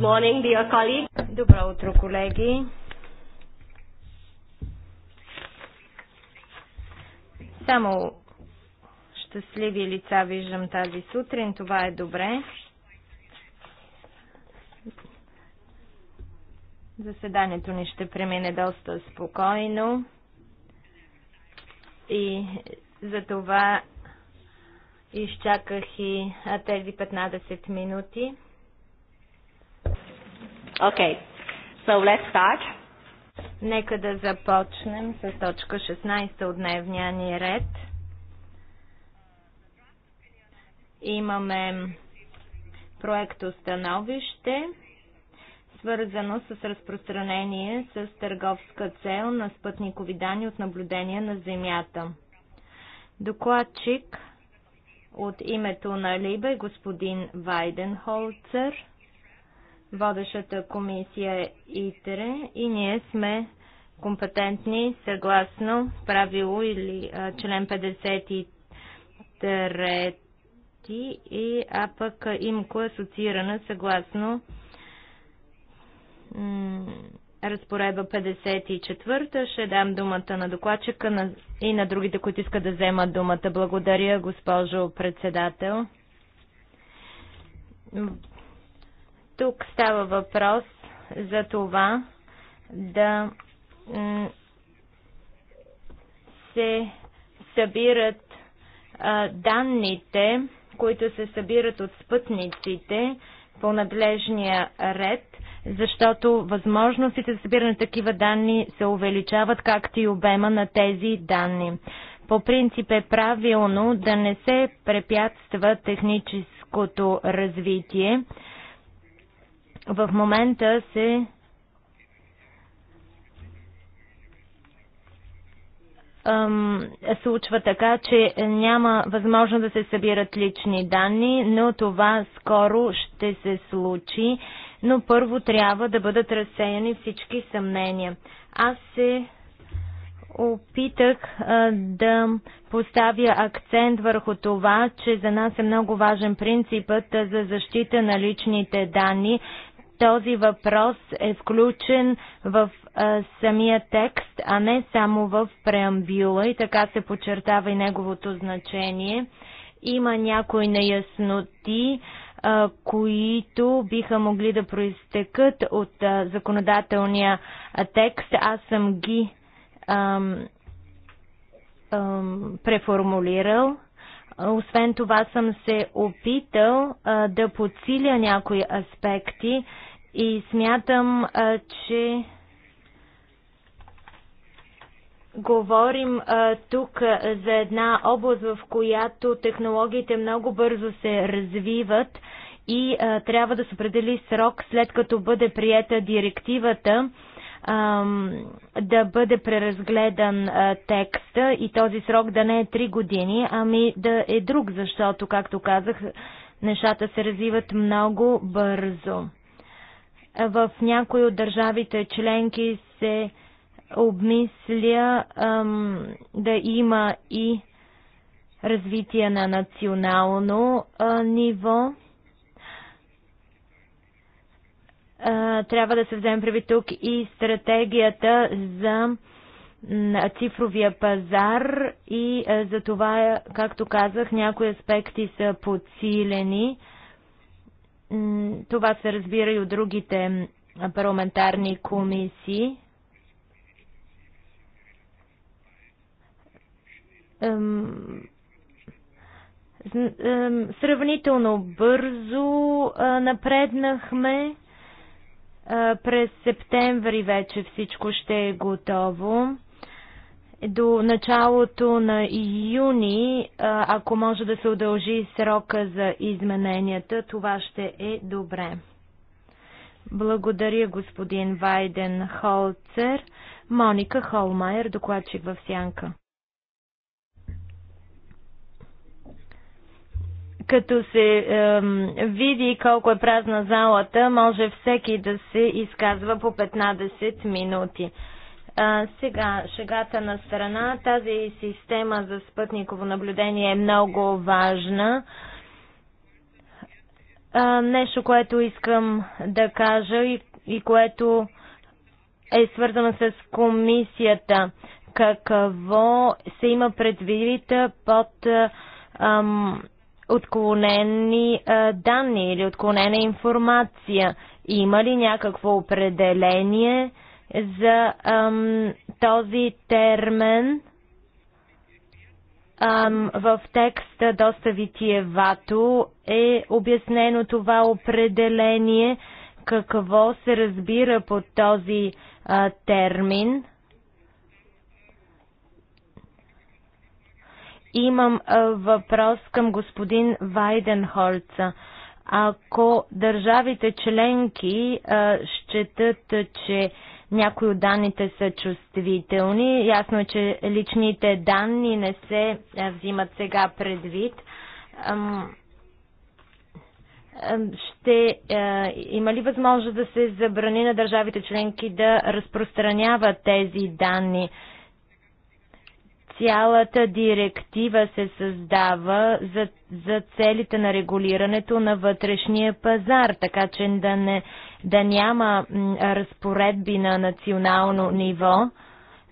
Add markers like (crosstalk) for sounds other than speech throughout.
morning, dear colleague. Добро утро, колеги. Само щастливи лица виждам тази сутрин. Това е добре. Заседанието ни ще премине доста спокойно и за това изчаках и тези 15 минути. Okay. So let's start. Нека да започнем с точка 16 от дневния ни ред. Имаме проект установище, свързано с разпространение с търговска цел на спътникови данни от наблюдение на Земята. Докладчик от името на Либе господин Вайден Водещата комисия е ИТРЕ и ние сме компетентни съгласно правило или а, член 53 и а пък имко е асоциирана съгласно разпоредба 54. Ще дам думата на докладчика и на другите, които искат да вземат думата. Благодаря, госпожо председател. Тук става въпрос за това да се събират а, данните, които се събират от спътниците по надлежния ред, защото възможностите за събиране на такива данни се увеличават, както и обема на тези данни. По принцип е правилно да не се препятства техническото развитие, в момента се случва така, че няма възможно да се събират лични данни, но това скоро ще се случи, но първо трябва да бъдат разсеяни всички съмнения. Аз се опитах да поставя акцент върху това, че за нас е много важен принципът за защита на личните данни, този въпрос е включен в а, самия текст, а не само в преамбюла и така се подчертава и неговото значение. Има някои неясноти, а, които биха могли да проистекат от а, законодателния а, текст. Аз съм ги ам, ам, преформулирал. Освен това съм се опитал а, да подсиля някои аспекти и смятам, а, че говорим а, тук за една област, в която технологиите много бързо се развиват и а, трябва да се определи срок след като бъде приета директивата а, да бъде преразгледан а, текста и този срок да не е 3 години, ами да е друг, защото, както казах, нещата се развиват много бързо. В някои от държавите членки се обмисля ам, да има и развитие на национално а, ниво. А, трябва да се вземе прави тук и стратегията за цифровия пазар и а, за това, както казах, някои аспекти са подсилени. А, това се разбира и от другите парламентарни комисии. Сравнително бързо напреднахме. През септември вече всичко ще е готово до началото на юни, ако може да се удължи срока за измененията, това ще е добре. Благодаря господин Вайден Холцер. Моника Холмайер, докладчик в Сянка. Като се е, види колко е празна залата, може всеки да се изказва по 15 минути. А, сега, шегата на страна. Тази система за спътниково наблюдение е много важна. А, нещо, което искам да кажа и, и което е свързано с комисията. Какво се има предвид под ам, отклонени а, данни или отклонена информация? Има ли някакво определение? А, за ам, този термин ам, в текста доста витиевато е обяснено това определение, какво се разбира под този а, термин. Имам а, въпрос към господин Вайденхолца. Ако държавите членки а, считат, че а, някои от данните са чувствителни. Ясно е, че личните данни не се взимат сега предвид. Ще има ли възможност да се забрани на държавите членки да разпространяват тези данни? цялата директива се създава за, за целите на регулирането на вътрешния пазар, така че да не да няма разпоредби на национално ниво,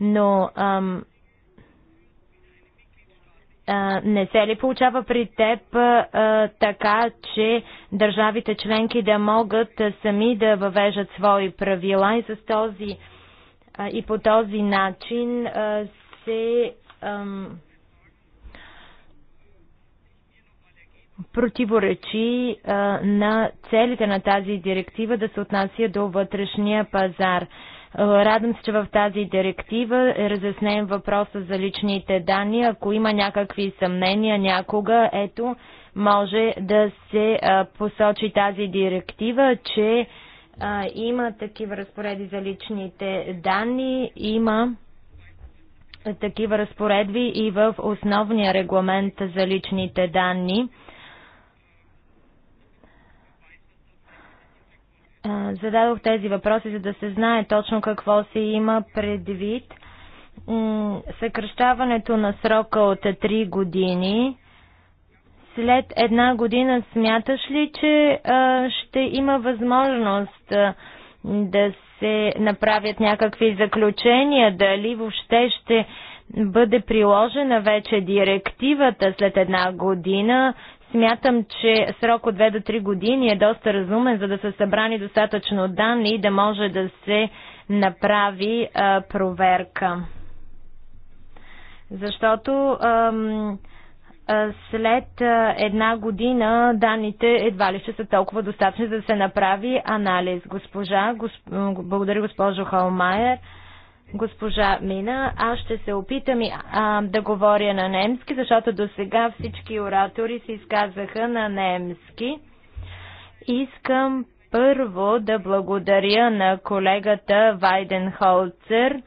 но ам, а, не се ли получава при теб а, така, че държавите членки да могат сами да въвежат свои правила и с този а, и по този начин а, се ам, противоречи а, на целите на тази директива да се отнася до вътрешния пазар. Радвам се, че в тази директива е разяснем въпроса за личните данни. Ако има някакви съмнения някога, ето, може да се а, посочи тази директива, че а, има такива разпореди за личните данни, има такива разпоредби и в основния регламент за личните данни. Зададох тези въпроси, за да се знае точно какво се има предвид. Съкръщаването на срока от 3 години. След една година смяташ ли, че ще има възможност да се направят някакви заключения, дали въобще ще бъде приложена вече директивата след една година, Смятам, че срок от 2 до 3 години е доста разумен, за да са събрани достатъчно данни и да може да се направи а, проверка. Защото ам, а, след а, една година данните едва ли ще са толкова достатъчни, за да се направи анализ. Госпожа, госп... благодаря госпожо Холмайер госпожа Мина. Аз ще се опитам и, а, да говоря на немски, защото до сега всички оратори се изказаха на немски. Искам първо да благодаря на колегата Вайден Холцер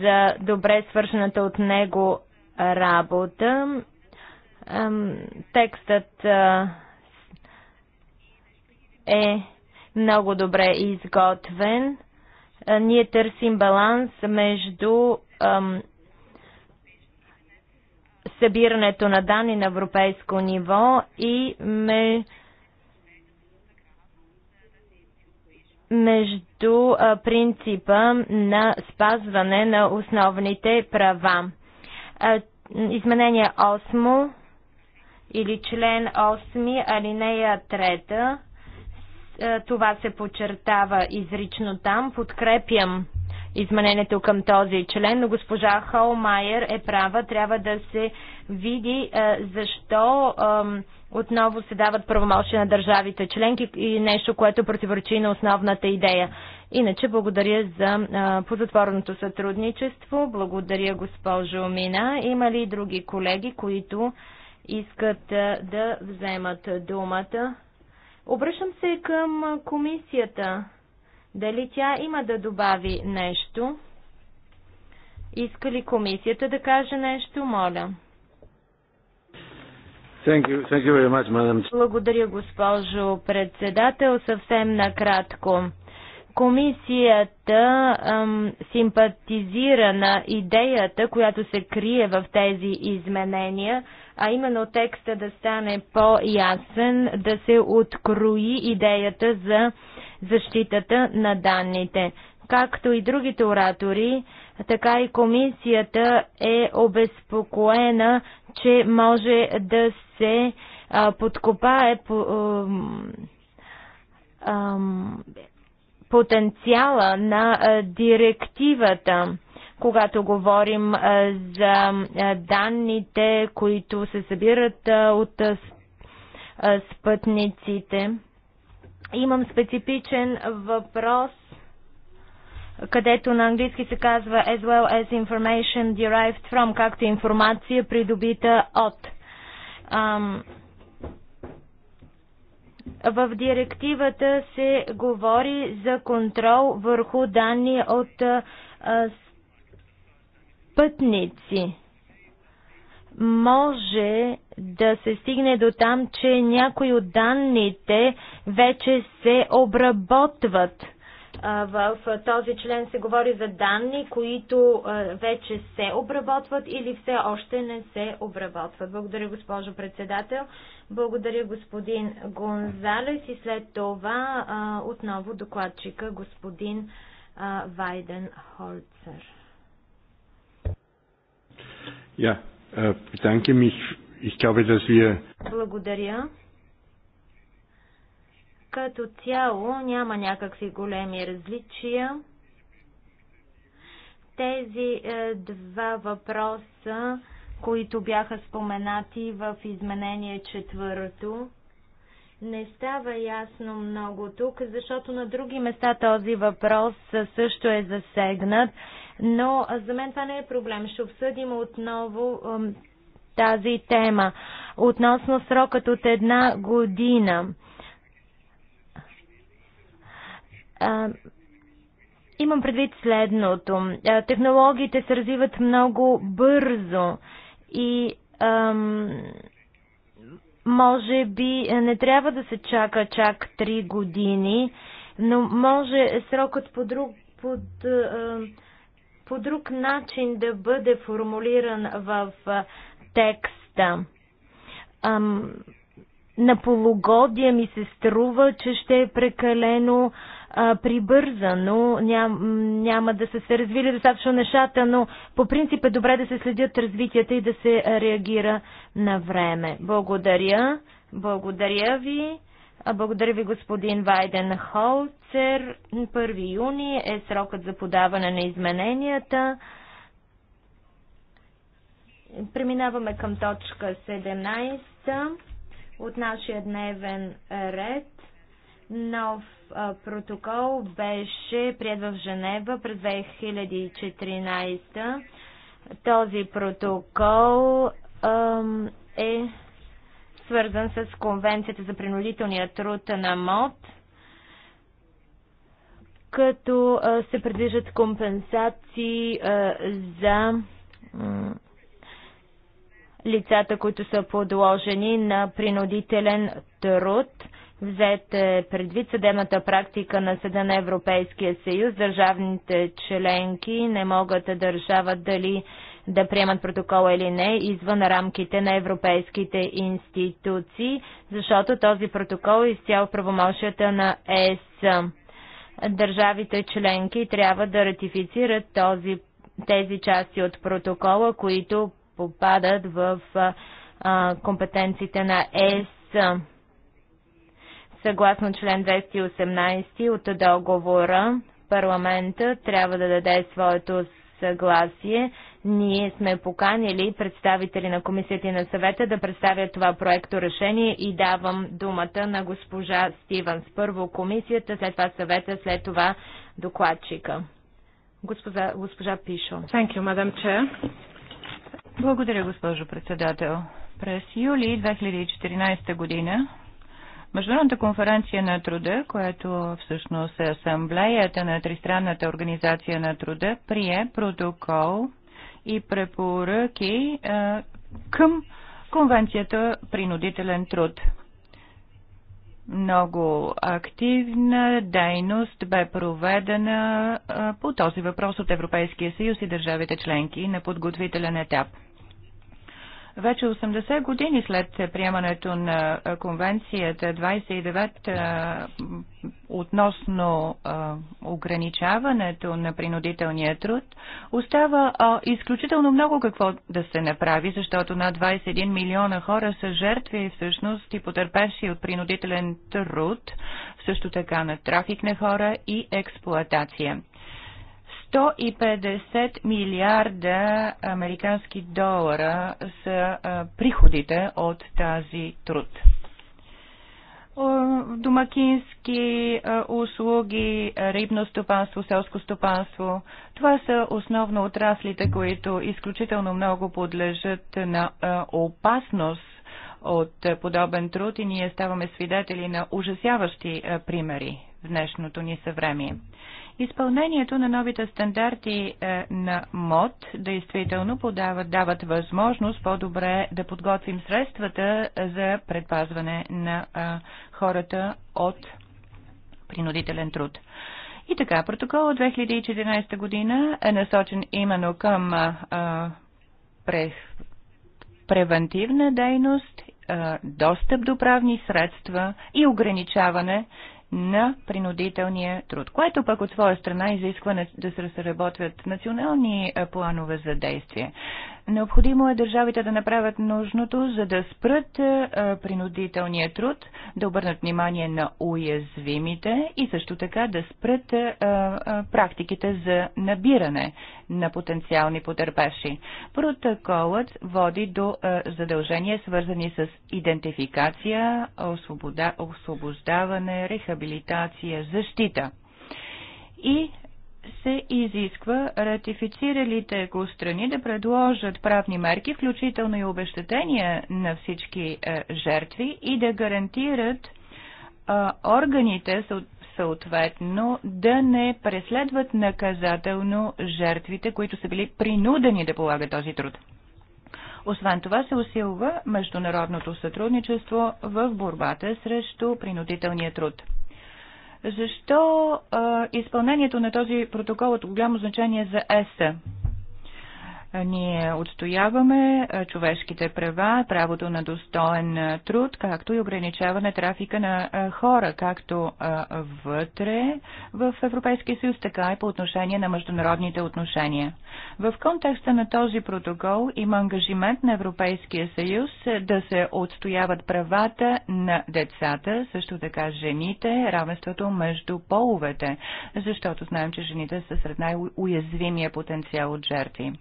за добре свършената от него работа. Текстът е много добре изготвен ние търсим баланс между ам, събирането на данни на европейско ниво и ме, между а, принципа на спазване на основните права. А, изменение 8 или член 8, алинея 3 е, това се подчертава изрично там. Подкрепям изменението към този член, но госпожа Холмайер е права. Трябва да се види е, защо отново се дават правомощи на държавите членки и нещо, което противоречи на основната идея. Иначе благодаря за позатворното сътрудничество. Благодаря госпожо Мина. Има ли други колеги, които искат да вземат думата? Обръщам се към комисията. Дали тя има да добави нещо? Иска ли комисията да каже нещо, моля? Thank you. Thank you much, Благодаря, госпожо председател. Съвсем накратко. Комисията ам, симпатизира на идеята, която се крие в тези изменения, а именно текста да стане по-ясен, да се открои идеята за защитата на данните. Както и другите оратори, така и комисията е обезпокоена, че може да се а, подкопае по, а, а, потенциала на а, директивата когато говорим за данните, които се събират от спътниците. Имам специфичен въпрос, където на английски се казва as well as information derived from, както информация придобита от. В директивата се говори за контрол върху данни от пътници. Може да се стигне до там, че някои от данните вече се обработват. В този член се говори за данни, които вече се обработват или все още не се обработват. Благодаря, госпожо председател. Благодаря, господин Гонзалес. И след това отново докладчика, господин Вайден Холцер. Ja, äh, bedanke mich. Ich glaube, dass wir... Благодаря. Като цяло няма някакви големи различия. Тези е, два въпроса, които бяха споменати в изменение четвърто, не става ясно много тук, защото на други места този въпрос също е засегнат. Но за мен това не е проблем. Ще обсъдим отново тази тема. Относно срокът от една година. Имам предвид следното. Технологиите се развиват много бързо и ам, може би не трябва да се чака чак 3 години, но може срокът по друг под, ам, по друг начин да бъде формулиран в текста. Ам, на полугодие ми се струва, че ще е прекалено а, прибързано, ням, няма да са се развили достатъчно нещата, но по принцип е добре да се следят развитията и да се реагира на време. Благодаря. Благодаря ви. Благодаря ви, господин Вайден Холцер. 1 юни е срокът за подаване на измененията. Преминаваме към точка 17 от нашия дневен ред. Нов протокол беше прият в Женева през 2014. Този протокол е свързан с Конвенцията за принудителния труд на МОД, като се предвиждат компенсации за лицата, които са подложени на принудителен труд. Взете предвид съдебната практика на Съда на Европейския съюз. Държавните членки не могат да държават дали да приемат протокола или не извън рамките на европейските институции, защото този протокол е изцял правомощията на ЕС. Държавите членки трябва да ратифицират този, тези части от протокола, които попадат в а, компетенциите на ЕС. Съгласно член 218 от договора, парламента трябва да даде своето съгласие ние сме поканили представители на комисията и на съвета да представят това проекто решение и давам думата на госпожа Стиванс. Първо комисията, след това съвета, след това докладчика. Госпожа, госпожа Пишо. Thank you, Madam Chair. Благодаря, госпожо председател. През юли 2014 година Международната конференция на труда, която всъщност е асамблеята на Тристранната организация на труда, прие протокол и препоръки а, е, към Конвенцията принудителен труд. Много активна дейност бе проведена а, е, по този въпрос от Европейския съюз и държавите членки на подготвителен етап. Вече 80 години след приемането на конвенцията 29 относно ограничаването на принудителния труд, остава изключително много какво да се направи, защото над 21 милиона хора са жертви всъщност и потърпевши от принудителен труд, също така на трафик на хора и експлоатация. 150 милиарда американски долара са приходите от тази труд домакински услуги, рибно стопанство, селско стопанство. Това са основно отраслите, които изключително много подлежат на опасност от подобен труд и ние ставаме свидетели на ужасяващи примери в днешното ни съвремие. Изпълнението на новите стандарти е, на МОД действително подават, дават възможност по-добре да подготвим средствата за предпазване на хората от принудителен труд. И така, протокол от 2014 година е насочен именно към превентивна дейност, достъп до правни средства и ограничаване на принудителния труд, което пък от своя страна изисква да се разработват национални планове за действие. Необходимо е държавите да направят нужното, за да спрат принудителния труд, да обърнат внимание на уязвимите и също така да спрат практиките за набиране на потенциални потърпевши. Протоколът води до задължения, свързани с идентификация, освобода, освобождаване, рехабилитация, защита. И се изисква ратифициралите го страни да предложат правни мерки, включително и обещетения на всички е, жертви и да гарантират е, органите съответно да не преследват наказателно жертвите, които са били принудени да полагат този труд. Освен това се усилва международното сътрудничество в борбата срещу принудителния труд. Защо а, изпълнението на този протокол е от голямо значение за ЕСА? Ние отстояваме човешките права, правото на достоен труд, както и ограничаване трафика на хора, както вътре в Европейския съюз, така и по отношение на международните отношения. В контекста на този протокол има ангажимент на Европейския съюз да се отстояват правата на децата, също така жените, равенството между половете, защото знаем, че жените са сред най-уязвимия потенциал от жертви.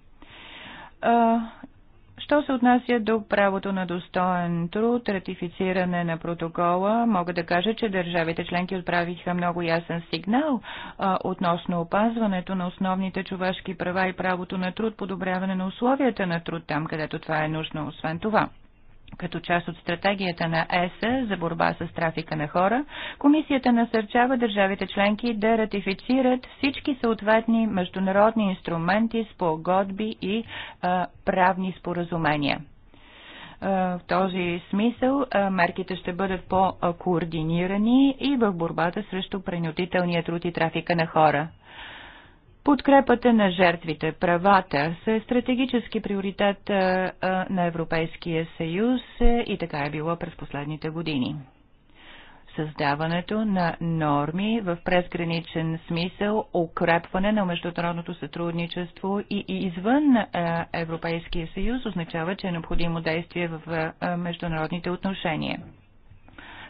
Що се отнася до правото на достоен труд, ратифициране на протокола, мога да кажа, че държавите членки отправиха много ясен сигнал а, относно опазването на основните човешки права и правото на труд, подобряване на условията на труд там, където това е нужно, освен това. Като част от стратегията на ЕС за борба с трафика на хора, комисията насърчава държавите членки да ратифицират всички съответни международни инструменти, спогодби и а, правни споразумения. В този смисъл мерките ще бъдат по-координирани и в борбата срещу пренютителния труд и трафика на хора. Подкрепата на жертвите, правата са стратегически приоритет на Европейския съюз е, и така е било през последните години. Създаването на норми в презграничен смисъл, укрепване на международното сътрудничество и извън Европейския съюз означава, че е необходимо действие в международните отношения.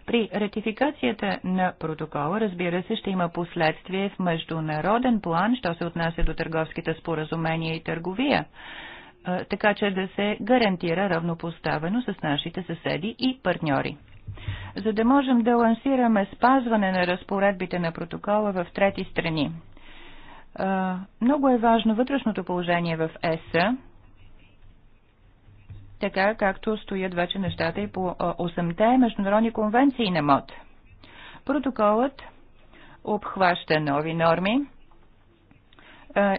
При ратификацията на протокола, разбира се, ще има последствие в международен план, що се отнася до търговските споразумения и търговия, така че да се гарантира равнопоставено с нашите съседи и партньори. За да можем да лансираме спазване на разпоредбите на протокола в трети страни. Много е важно вътрешното положение в ЕСА, така както стоят вече нещата и по 8-те международни конвенции на МОД. Протоколът обхваща нови норми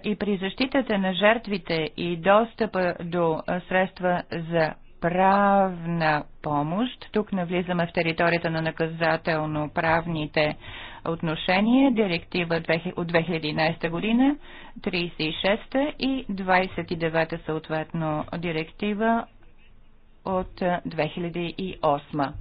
и при защитата на жертвите и достъпа до средства за правна помощ. Тук навлизаме в територията на наказателно-правните отношения, директива от 2011 година, 36 и 29 съответно директива от 2008. Е,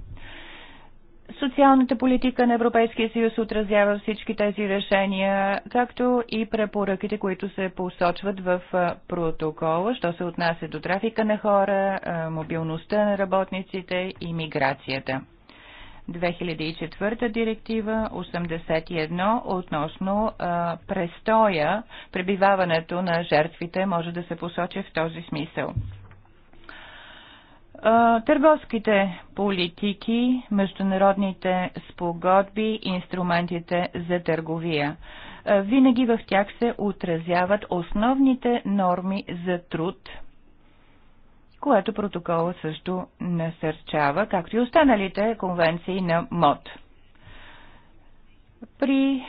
Социалната политика на Европейския съюз отразява всички тези решения, както и препоръките, които се посочват в е, протокола, що се отнася до трафика на хора, е, мобилността на работниците и миграцията. 2004 директива 81 относно престоя, пребиваването на жертвите може да се посочи в този смисъл. Търговските политики, международните спогодби, инструментите за търговия. Винаги в тях се отразяват основните норми за труд, което протокола също насърчава, както и останалите конвенции на МОД. При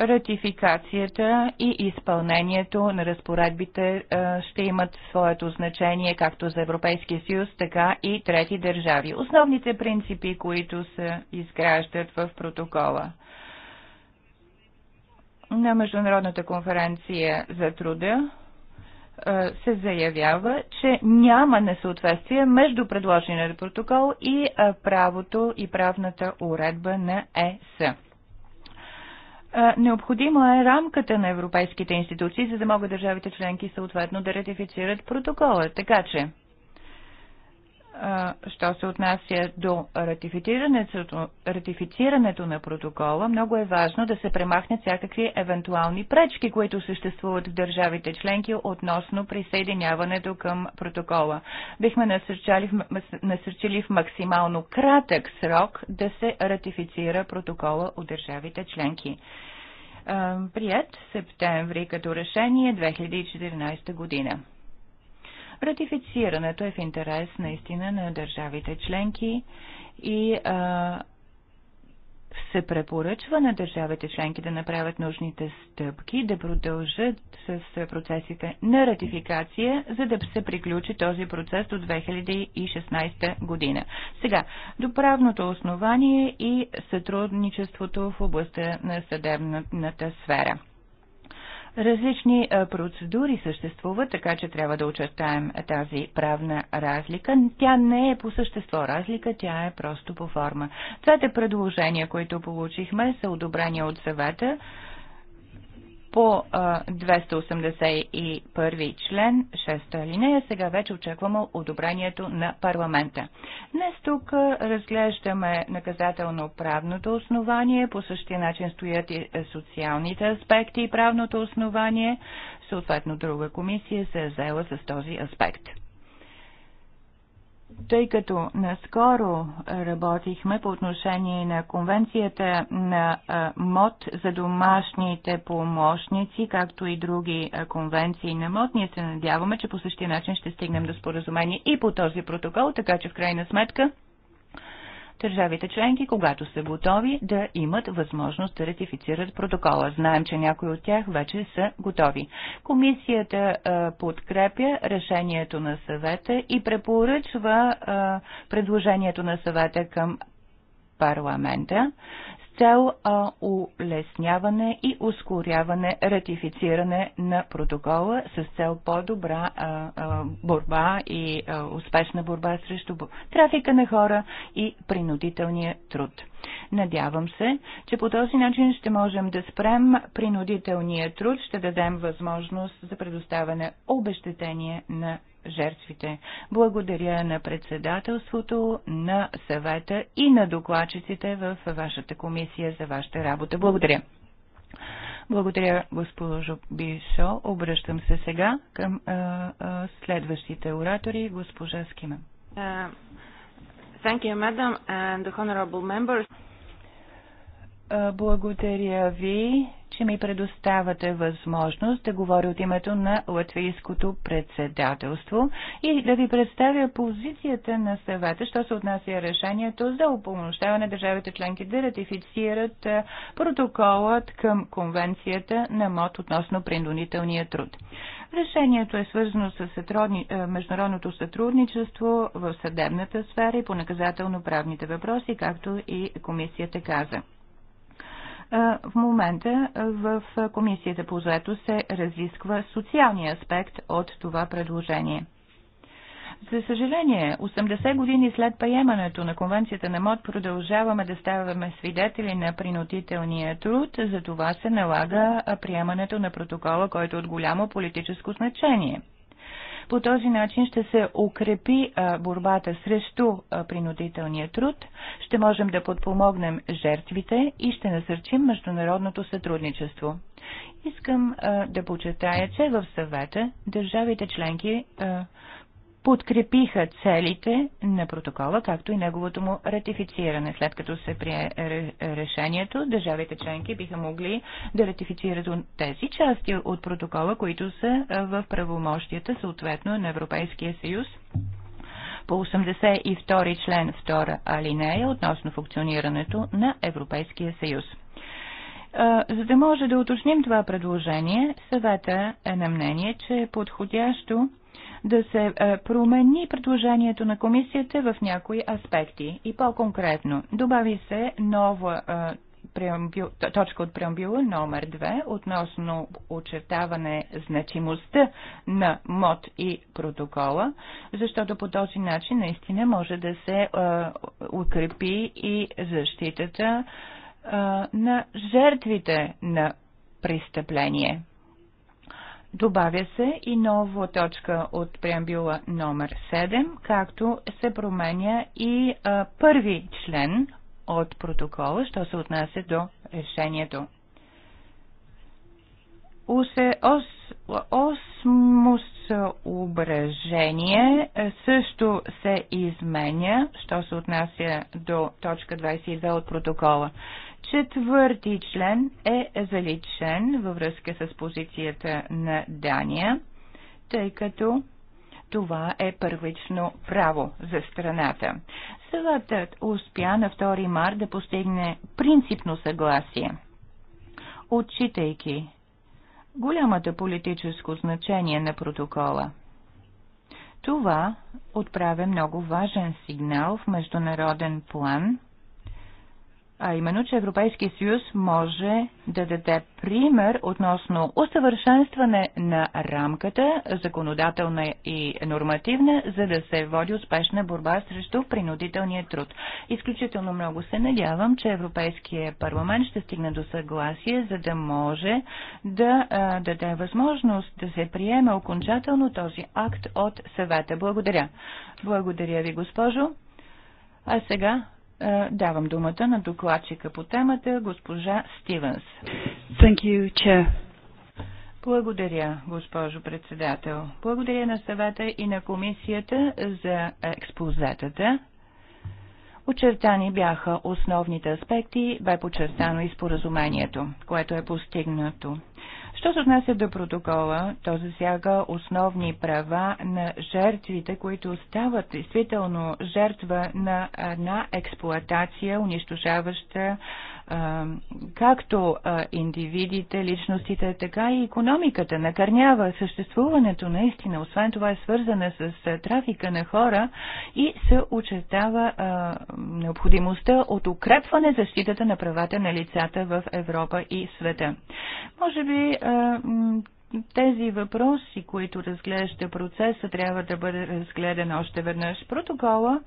ратификацията и изпълнението на разпоредбите е, ще имат своето значение както за Европейския съюз, така и трети държави. Основните принципи, които се изграждат в протокола на Международната конференция за труда е, се заявява, че няма несъответствие между предложения протокол и е, правото и правната уредба на ЕС необходима е рамката на европейските институции, за да могат държавите членки съответно да ратифицират протокола. Така че що се отнася до ратифицирането, ратифицирането на протокола, много е важно да се премахнат всякакви евентуални пречки, които съществуват в държавите членки относно присъединяването към протокола. Бихме насърчали, насърчили в максимално кратък срок да се ратифицира протокола от държавите членки. Прият септември като решение 2014 година. Ратифицирането е в интерес наистина на държавите членки и а, се препоръчва на държавите членки да направят нужните стъпки, да продължат с процесите на ратификация, за да се приключи този процес до 2016 година. Сега, до правното основание и сътрудничеството в областта на съдебната сфера. Различни процедури съществуват, така че трябва да очертаем тази правна разлика. Тя не е по същество разлика, тя е просто по форма. Двете предложения, които получихме, са одобрени от съвета по 281 член, 6 линия, сега вече очакваме одобрението на парламента. Днес тук разглеждаме наказателно-правното основание, по същия начин стоят и е, социалните аспекти и правното основание, съответно друга комисия се е заела с този аспект тъй като наскоро работихме по отношение на конвенцията на МОД за домашните помощници, както и други конвенции на МОД, ние се надяваме, че по същия начин ще стигнем до споразумение и по този протокол, така че в крайна сметка държавите членки, когато са готови, да имат възможност да ратифицират протокола. Знаем, че някои от тях вече са готови. Комисията а, подкрепя решението на съвета и препоръчва а, предложението на съвета към парламента цел а, улесняване и ускоряване ратифициране на протокола с цел по-добра борба и а, успешна борба срещу трафика на хора и принудителния труд. Надявам се, че по този начин ще можем да спрем принудителния труд, ще дадем възможност за предоставяне обещетение на жертвите. Благодаря на председателството, на съвета и на докладчиците в вашата комисия за вашата работа. Благодаря. Благодаря, госпожо Бишо. Обръщам се сега към а, а, следващите оратори, госпожа Скима. Uh, Благодаря ви, че ми предоставате възможност да говоря от името на латвийското председателство и да ви представя позицията на съвета, що се отнася решението за упълнощаване държавите членки да ратифицират протоколът към конвенцията на МОД относно принудителния труд. Решението е свързано с сътрудни... международното сътрудничество в съдебната сфера и по наказателно-правните въпроси, както и комисията каза. В момента в Комисията по заето се разисква социалния аспект от това предложение. За съжаление, 80 години след приемането на Конвенцията на МОД продължаваме да ставаме свидетели на принудителния труд, за това се налага приемането на протокола, който е от голямо политическо значение – по този начин ще се укрепи борбата срещу принудителния труд, ще можем да подпомогнем жертвите и ще насърчим международното сътрудничество. Искам да почетая, че в съвета държавите членки подкрепиха целите на протокола, както и неговото му ратифициране. След като се прие решението, държавите членки биха могли да ратифицират тези части от протокола, които са в правомощията съответно на Европейския съюз по 82 член 2 алинея относно функционирането на Европейския съюз. За да може да уточним това предложение, съвета е на мнение, че е подходящо да се е, промени предложението на комисията в някои аспекти. И по-конкретно, добави се нова е, точка от преамбюла номер 2 относно очертаване значимостта на МОД и протокола, защото по този начин наистина може да се е, укрепи и защитата на жертвите на престъпление. Добавя се и нова точка от преамбюла номер 7, както се променя и а, първи член от протокола, що се отнася до решението. Усе ос, осмус съображение също се изменя, що се отнася до точка 22 от протокола. Четвърти член е заличен във връзка с позицията на Дания, тъй като това е първично право за страната. Съветът успя на 2 мар да постигне принципно съгласие, отчитайки голямата политическо значение на протокола. Това отправя много важен сигнал в международен план а именно, че Европейския съюз може да даде пример относно усъвършенстване на рамката, законодателна и нормативна, за да се води успешна борба срещу принудителния труд. Изключително много се надявам, че Европейския парламент ще стигне до съгласие, за да може да а, даде възможност да се приеме окончателно този акт от съвета. Благодаря. Благодаря ви, госпожо. А сега е, давам думата на докладчика по темата, госпожа Стивенс. Thank you, chair. Благодаря, госпожо председател. Благодаря на съвета и на комисията за експозетата. Очертани бяха основните аспекти, бе подчертано и споразумението, което е постигнато. Що се отнася до протокола, то засяга основни права на жертвите, които стават действително жертва на една експлоатация, унищожаваща както индивидите, личностите, така и економиката накърнява съществуването наистина. Освен това е свързана с трафика на хора и се очертава необходимостта от укрепване защитата на правата на лицата в Европа и света. Може би тези въпроси, които разглежда процеса, трябва да бъде разгледан още веднъж. Протокола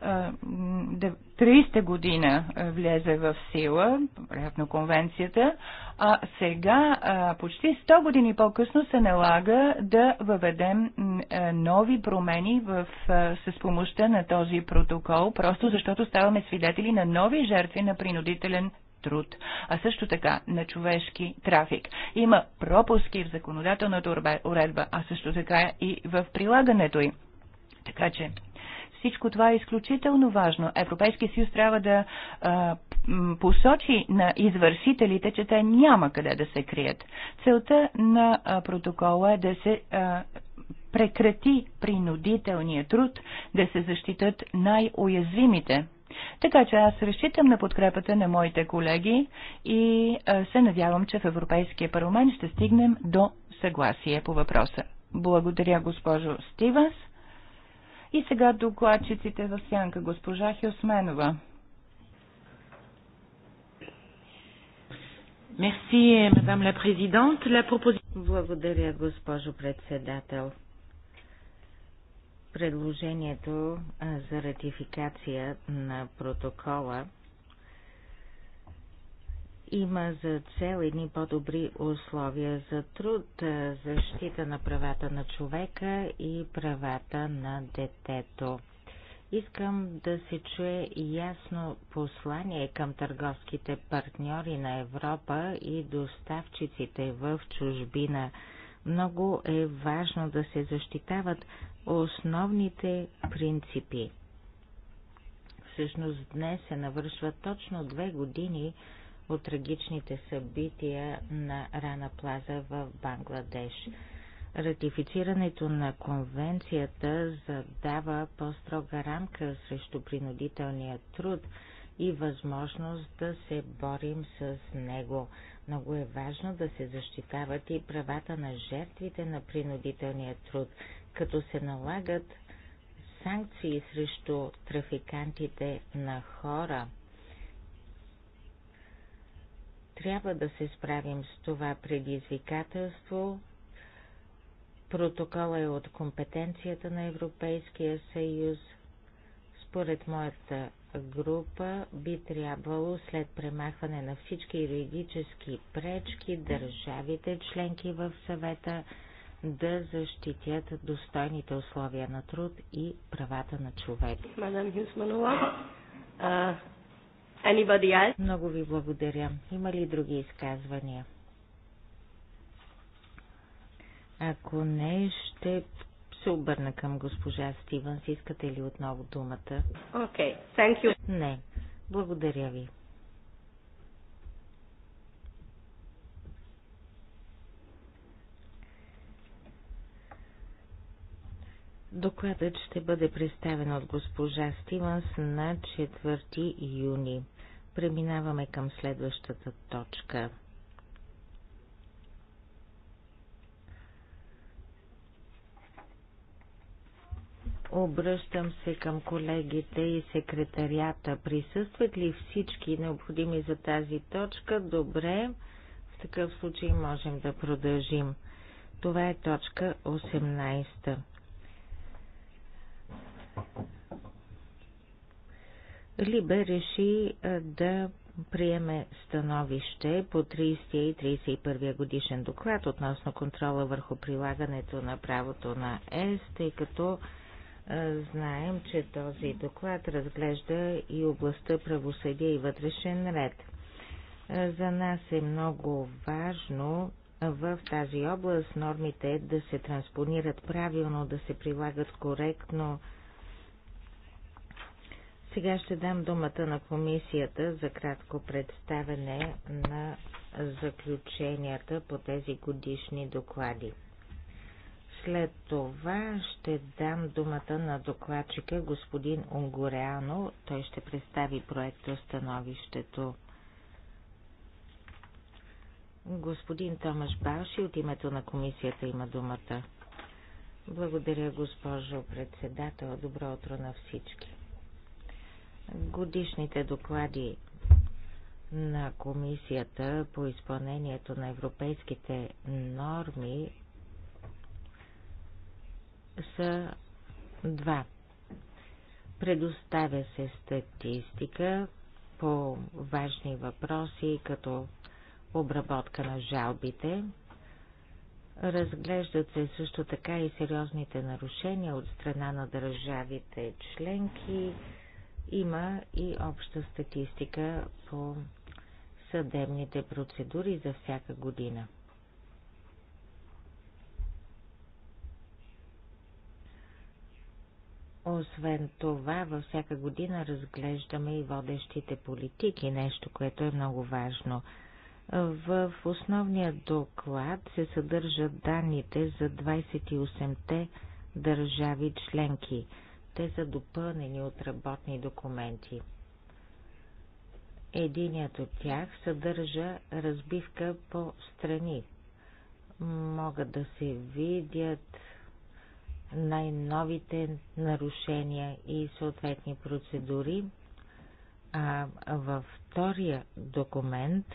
30 те година влезе в сила, вероятно конвенцията, а сега, почти 100 години по-късно, се налага да въведем нови промени в, с помощта на този протокол, просто защото ставаме свидетели на нови жертви на принудителен труд, а също така на човешки трафик. Има пропуски в законодателната уредба, а също така и в прилагането й. Така че всичко това е изключително важно. Европейския съюз трябва да а, посочи на извършителите, че те няма къде да се крият. Целта на а, протокола е да се а, прекрати принудителния труд, да се защитат най-уязвимите. Така че аз разчитам на подкрепата на моите колеги и се надявам, че в Европейския парламент ще стигнем до съгласие по въпроса. Благодаря, госпожо Стивас. И сега докладчиците в сянка. Госпожа Хиосменова. Мерси, мадам ла президент. Благодаря, госпожо председател. Предложението за ратификация на протокола има за цел едни по-добри условия за труд, защита на правата на човека и правата на детето. Искам да се чуе ясно послание към търговските партньори на Европа и доставчиците в чужбина. Много е важно да се защитават основните принципи. Всъщност днес се навършва точно две години от трагичните събития на Рана Плаза в Бангладеш. Ратифицирането на конвенцията задава по-строга рамка срещу принудителния труд и възможност да се борим с него. Много е важно да се защитават и правата на жертвите на принудителния труд, като се налагат санкции срещу трафикантите на хора – трябва да се справим с това предизвикателство. Протокола е от компетенцията на Европейския съюз. Според моята група би трябвало след премахване на всички юридически пречки държавите членки в съвета да защитят достойните условия на труд и правата на човек. Мадам Хюсманова, Anybody else? Много ви благодаря. Има ли други изказвания? Ако не, ще се обърна към госпожа Стивенс. Искате ли отново думата? Окей, okay, thank you. Не, благодаря ви. Докладът ще бъде представен от госпожа Стиванс на 4 юни. Преминаваме към следващата точка. Обръщам се към колегите и секретарията. Присъстват ли всички необходими за тази точка? Добре. В такъв случай можем да продължим. Това е точка 18. Либе реши да приеме становище по 30 и 31 годишен доклад относно контрола върху прилагането на правото на ЕС, тъй като знаем, че този доклад разглежда и областта правосъдие и вътрешен ред. За нас е много важно в тази област нормите да се транспонират правилно, да се прилагат коректно, сега ще дам думата на комисията за кратко представене на заключенията по тези годишни доклади. След това ще дам думата на докладчика господин Унгоряно. Той ще представи проекта становището. Господин Томаш Балши от името на комисията има думата. Благодаря, госпожо председател. Добро утро на всички. Годишните доклади на Комисията по изпълнението на европейските норми са два. Предоставя се статистика по важни въпроси, като обработка на жалбите. Разглеждат се също така и сериозните нарушения от страна на държавите членки, има и обща статистика по съдебните процедури за всяка година. Освен това, във всяка година разглеждаме и водещите политики, нещо, което е много важно. В основния доклад се съдържат данните за 28-те държави членки – те са допълнени от работни документи. Единият от тях съдържа разбивка по страни. Могат да се видят най-новите нарушения и съответни процедури, а във втория документ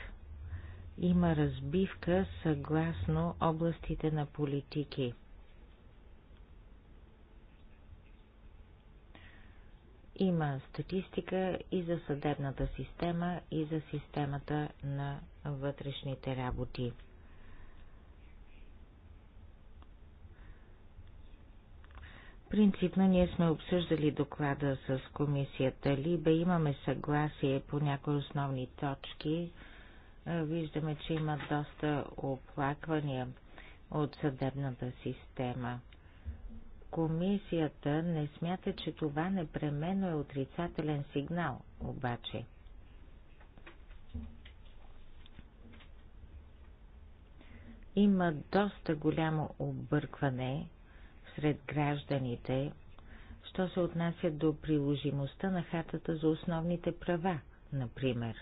има разбивка съгласно областите на политики. Има статистика и за съдебната система, и за системата на вътрешните работи. Принципно ние сме обсъждали доклада с комисията Либе, имаме съгласие по някои основни точки. Виждаме, че има доста оплаквания от съдебната система. Комисията не смята, че това непременно е отрицателен сигнал, обаче. Има доста голямо объркване сред гражданите, що се отнася до приложимостта на хатата за основните права, например.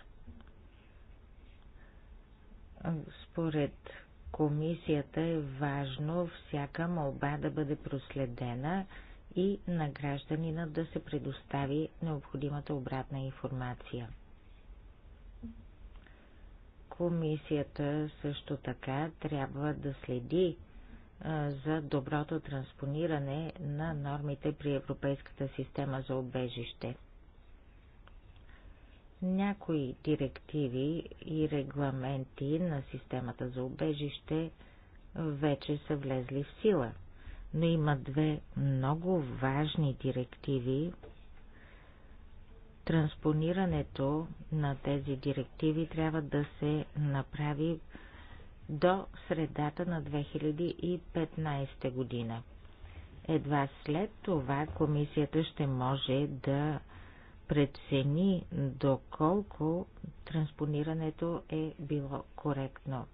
Според комисията е важно всяка молба да бъде проследена и на гражданина да се предостави необходимата обратна информация. Комисията също така трябва да следи за доброто транспониране на нормите при Европейската система за обежище. Някои директиви и регламенти на системата за убежище вече са влезли в сила, но има две много важни директиви. Транспонирането на тези директиви трябва да се направи до средата на 2015 година. Едва след това комисията ще може да прецени доколко транспонирането е било коректно.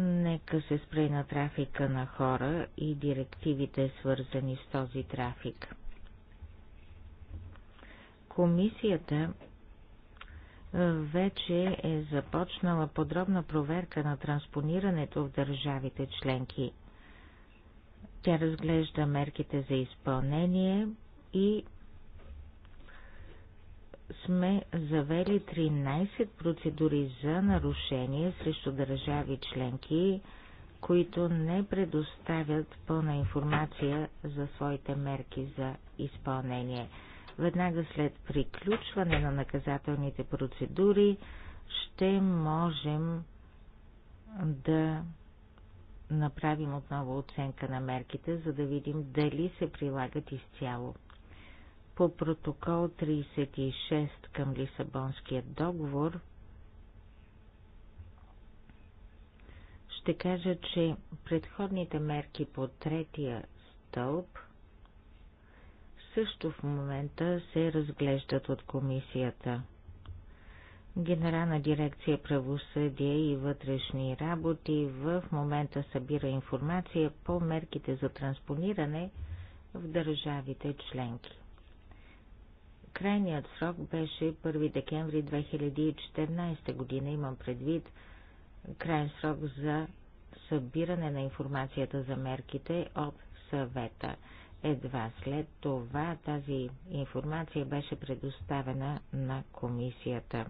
Нека се спре на трафика на хора и директивите, свързани с този трафик. Комисията вече е започнала подробна проверка на транспонирането в държавите членки. Тя разглежда мерките за изпълнение, и сме завели 13 процедури за нарушение срещу държави членки, които не предоставят пълна информация за своите мерки за изпълнение. Веднага след приключване на наказателните процедури ще можем да направим отново оценка на мерките, за да видим дали се прилагат изцяло по протокол 36 към Лисабонския договор, ще кажа, че предходните мерки по третия стълб също в момента се разглеждат от комисията. Генерална дирекция правосъдие и вътрешни работи в момента събира информация по мерките за транспониране в държавите членки. Крайният срок беше 1 декември 2014 година. Имам предвид крайен срок за събиране на информацията за мерките от съвета. Едва след това тази информация беше предоставена на комисията.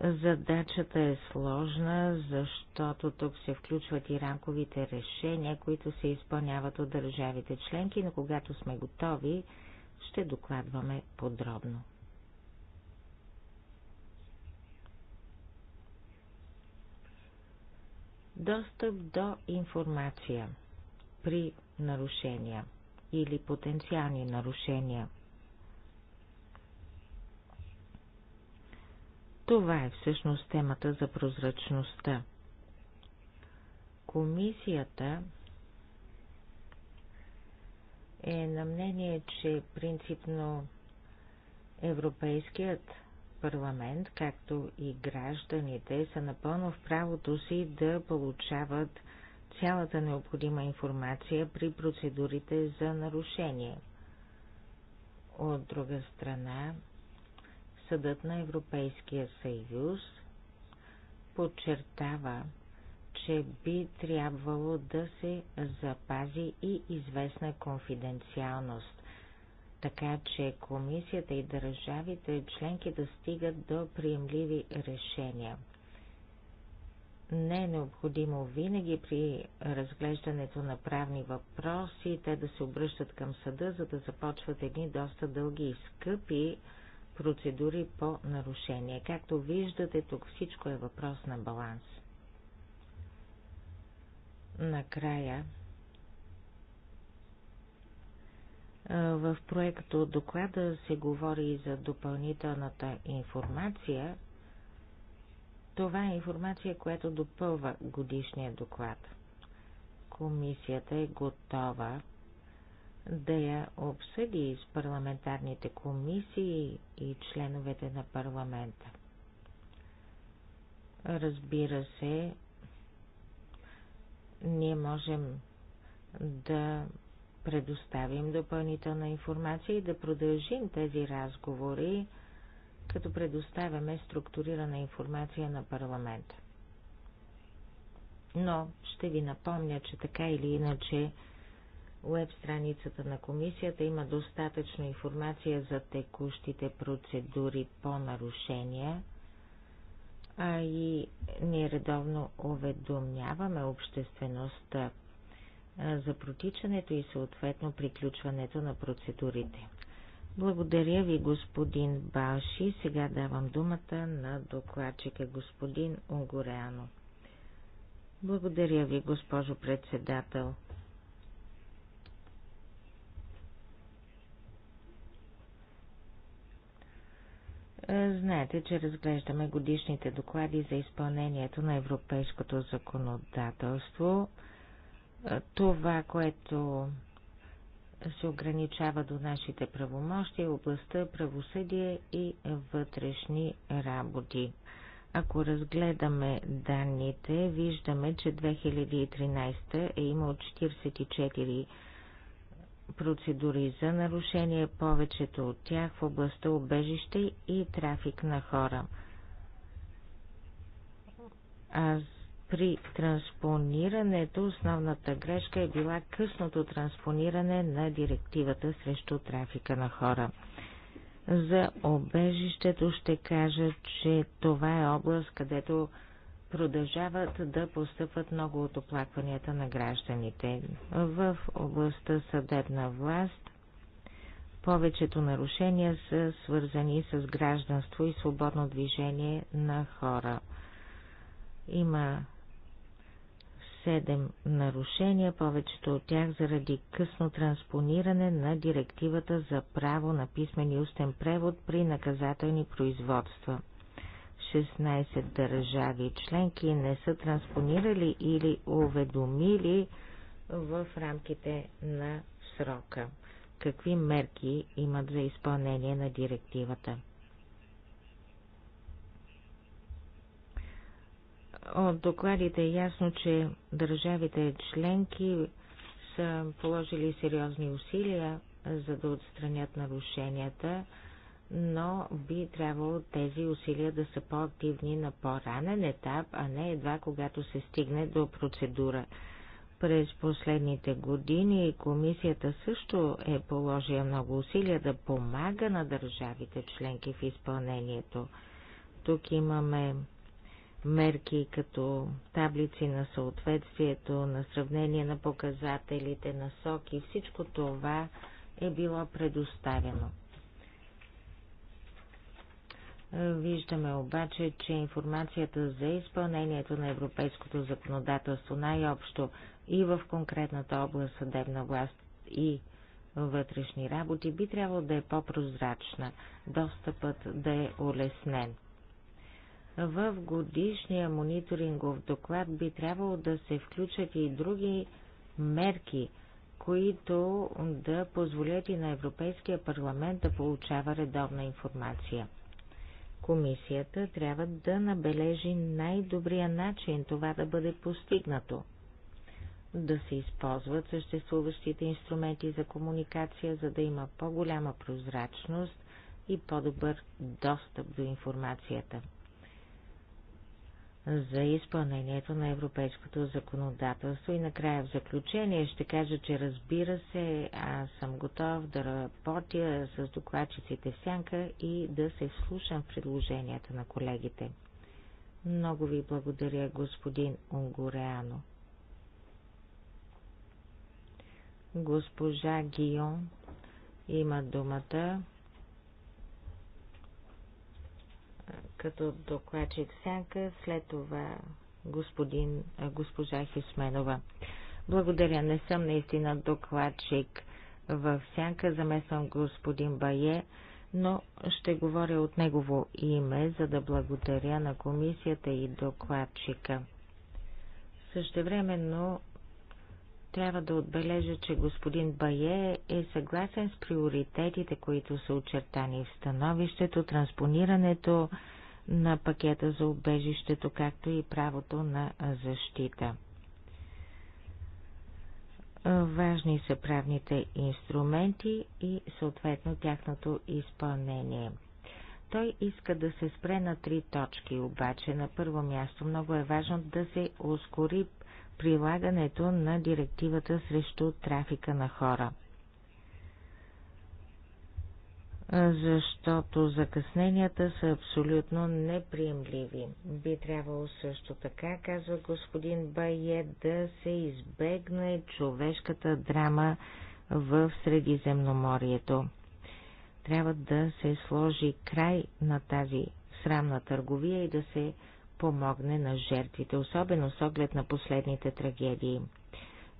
Задачата е сложна, защото тук се включват и рамковите решения, които се изпълняват от държавите членки, но когато сме готови, ще докладваме подробно. Достъп до информация при нарушения или потенциални нарушения – Това е всъщност темата за прозрачността. Комисията е на мнение, че принципно Европейският парламент, както и гражданите, са напълно в правото си да получават цялата необходима информация при процедурите за нарушение. От друга страна, Съдът на Европейския съюз подчертава, че би трябвало да се запази и известна конфиденциалност, така че комисията и държавите членки да стигат до приемливи решения. Не е необходимо винаги при разглеждането на правни въпроси те да се обръщат към съда, за да започват едни доста дълги и скъпи процедури по нарушение. Както виждате, тук всичко е въпрос на баланс. Накрая, в проекто доклада се говори и за допълнителната информация. Това е информация, която допълва годишния доклад. Комисията е готова да я обсъди с парламентарните комисии и членовете на парламента. Разбира се, ние можем да предоставим допълнителна информация и да продължим тези разговори, като предоставяме структурирана информация на парламента. Но ще ви напомня, че така или иначе Уеб страницата на комисията има достатъчно информация за текущите процедури по нарушения, а и ние редовно уведомяваме обществеността за протичането и съответно приключването на процедурите. Благодаря ви, господин Баши. Сега давам думата на докладчика господин Огоряно. Благодаря ви, госпожо председател. Е, знаете, че разглеждаме годишните доклади за изпълнението на европейското законодателство. Е, това, което се ограничава до нашите правомощи, е областта правосъдие и вътрешни работи. Ако разгледаме данните, виждаме, че 2013 е имал 44 процедури за нарушение, повечето от тях в областта обежище и трафик на хора. А при транспонирането основната грешка е била късното транспониране на директивата срещу трафика на хора. За обежището ще кажа, че това е област, където продължават да постъпват много от оплакванията на гражданите. В областта съдебна власт повечето нарушения са свързани с гражданство и свободно движение на хора. Има седем нарушения, повечето от тях заради късно транспониране на директивата за право на писмен и устен превод при наказателни производства. 16 държави членки не са транспонирали или уведомили в рамките на срока. Какви мерки имат за изпълнение на директивата? От докладите е ясно, че държавите членки са положили сериозни усилия за да отстранят нарушенията, но би трябвало тези усилия да са по-активни на по-ранен етап, а не едва когато се стигне до процедура. През последните години комисията също е положила много усилия да помага на държавите членки в изпълнението. Тук имаме мерки като таблици на съответствието, на сравнение на показателите, насоки. Всичко това е било предоставено. Виждаме обаче, че информацията за изпълнението на европейското законодателство най-общо и в конкретната област съдебна власт и вътрешни работи би трябвало да е по-прозрачна, достъпът да е улеснен. В годишния мониторингов доклад би трябвало да се включат и други мерки, които да позволят и на Европейския парламент да получава редовна информация. Комисията трябва да набележи най-добрия начин това да бъде постигнато. Да се използват съществуващите инструменти за комуникация, за да има по-голяма прозрачност и по-добър достъп до информацията за изпълнението на европейското законодателство. И накрая в заключение ще кажа, че разбира се, аз съм готов да работя с докладчиците в сянка и да се вслушам в предложенията на колегите. Много ви благодаря, господин Унгореано. Госпожа Гион има думата. като докладчик Сянка, след това господин, госпожа Хисменова. Благодаря, не съм наистина докладчик в Сянка, замесвам господин Бае, но ще говоря от негово име, за да благодаря на комисията и докладчика. Същевременно трябва да отбележа, че господин Бае е съгласен с приоритетите, които са очертани в становището, транспонирането на пакета за убежището, както и правото на защита. Важни са правните инструменти и съответно тяхното изпълнение. Той иска да се спре на три точки, обаче на първо място много е важно да се ускори прилагането на директивата срещу трафика на хора. Защото закъсненията са абсолютно неприемливи. Би трябвало също така, казва господин Бае, да се избегне човешката драма в Средиземноморието. Трябва да се сложи край на тази срамна търговия и да се помогне на жертвите, особено с оглед на последните трагедии.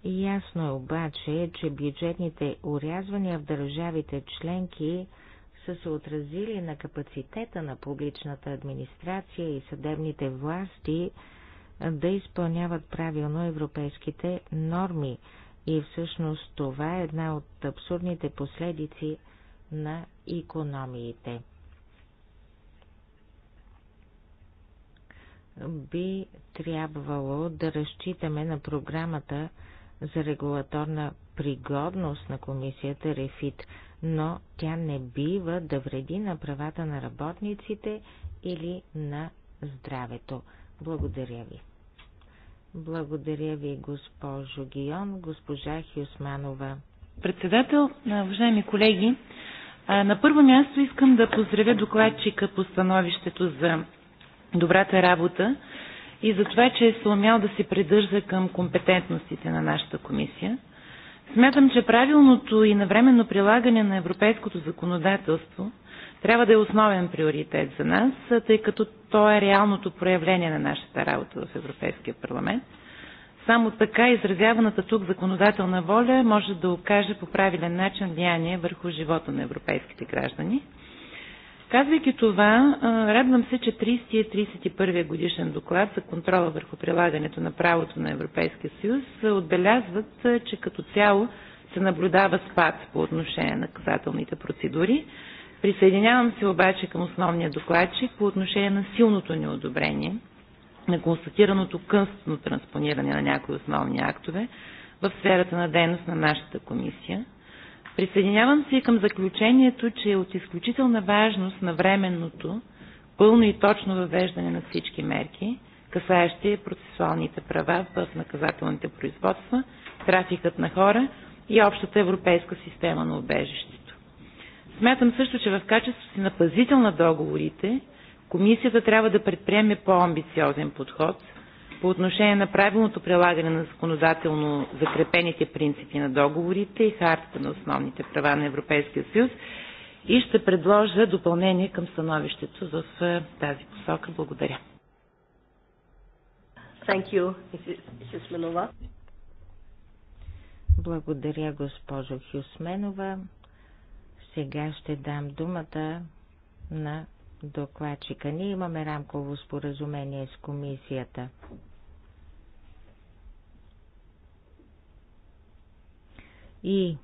Ясно е обаче, че бюджетните урязвания в държавите членки са се отразили на капацитета на публичната администрация и съдебните власти да изпълняват правилно европейските норми. И всъщност това е една от абсурдните последици на економиите. би трябвало да разчитаме на програмата за регулаторна пригодност на комисията Рефит, но тя не бива да вреди на правата на работниците или на здравето. Благодаря ви. Благодаря ви, госпожо Гион, госпожа Хюсманова. Председател, уважаеми колеги, на първо място искам да поздравя докладчика по становището за добрата работа и за това, че е съумял да се придържа към компетентностите на нашата комисия. Смятам, че правилното и навременно прилагане на европейското законодателство трябва да е основен приоритет за нас, тъй като то е реалното проявление на нашата работа в Европейския парламент. Само така изразяваната тук законодателна воля може да окаже по правилен начин влияние върху живота на европейските граждани – Казвайки това, радвам се, че 30 31 годишен доклад за контрола върху прилагането на правото на Европейския съюз отбелязват, че като цяло се наблюдава спад по отношение на наказателните процедури. Присъединявам се обаче към основния докладчик по отношение на силното неодобрение на констатираното кънствено транспониране на някои основни актове в сферата на дейност на нашата комисия – Присъединявам се и към заключението, че е от изключителна важност на временното, пълно и точно въвеждане на всички мерки, касаещи процесуалните права в наказателните производства, трафикът на хора и общата европейска система на убежището. Смятам също, че в качеството си на пазител на договорите, Комисията трябва да предприеме по-амбициозен подход – по отношение на правилното прилагане на законодателно закрепените принципи на договорите и хартата на основните права на Европейския съюз и ще предложа допълнение към становището в е, тази посока. Благодаря. Thank you, Хюсменова. Благодаря, госпожо Хюсменова. Сега ще дам думата на докладчика. Ние имаме рамково споразумение с комисията. И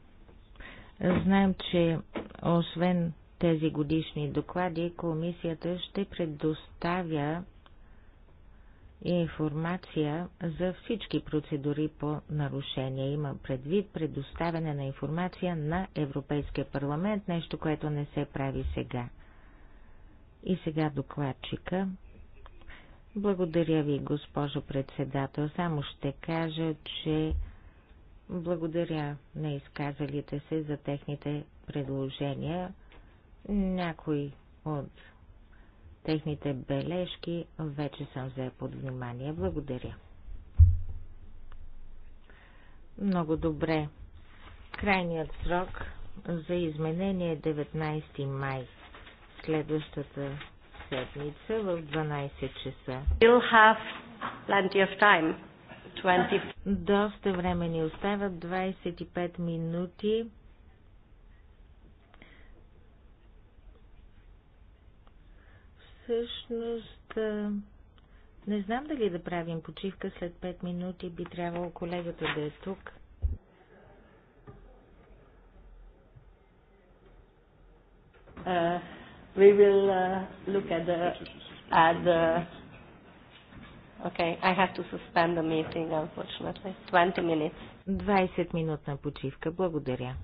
знаем, че освен тези годишни доклади, комисията ще предоставя информация за всички процедури по нарушение. Има предвид предоставяне на информация на Европейския парламент, нещо, което не се прави сега. И сега докладчика. Благодаря ви, госпожо председател. Само ще кажа, че благодаря на изказалите се за техните предложения. Някои от техните бележки вече съм взе под внимание. Благодаря. Много добре. Крайният срок за изменение е 19 май, следващата седмица в 12 часа. We'll have plenty of time. Доста време ни остават, 25 минути. Всъщност, не знам дали да правим почивка след 5 минути, би трябвало колегата да е тук. Uh, we will uh, look at the, at the Okay, I have to suspend the meeting, unfortunately. 20 minutes. 20 минутна почивка. Благодаря.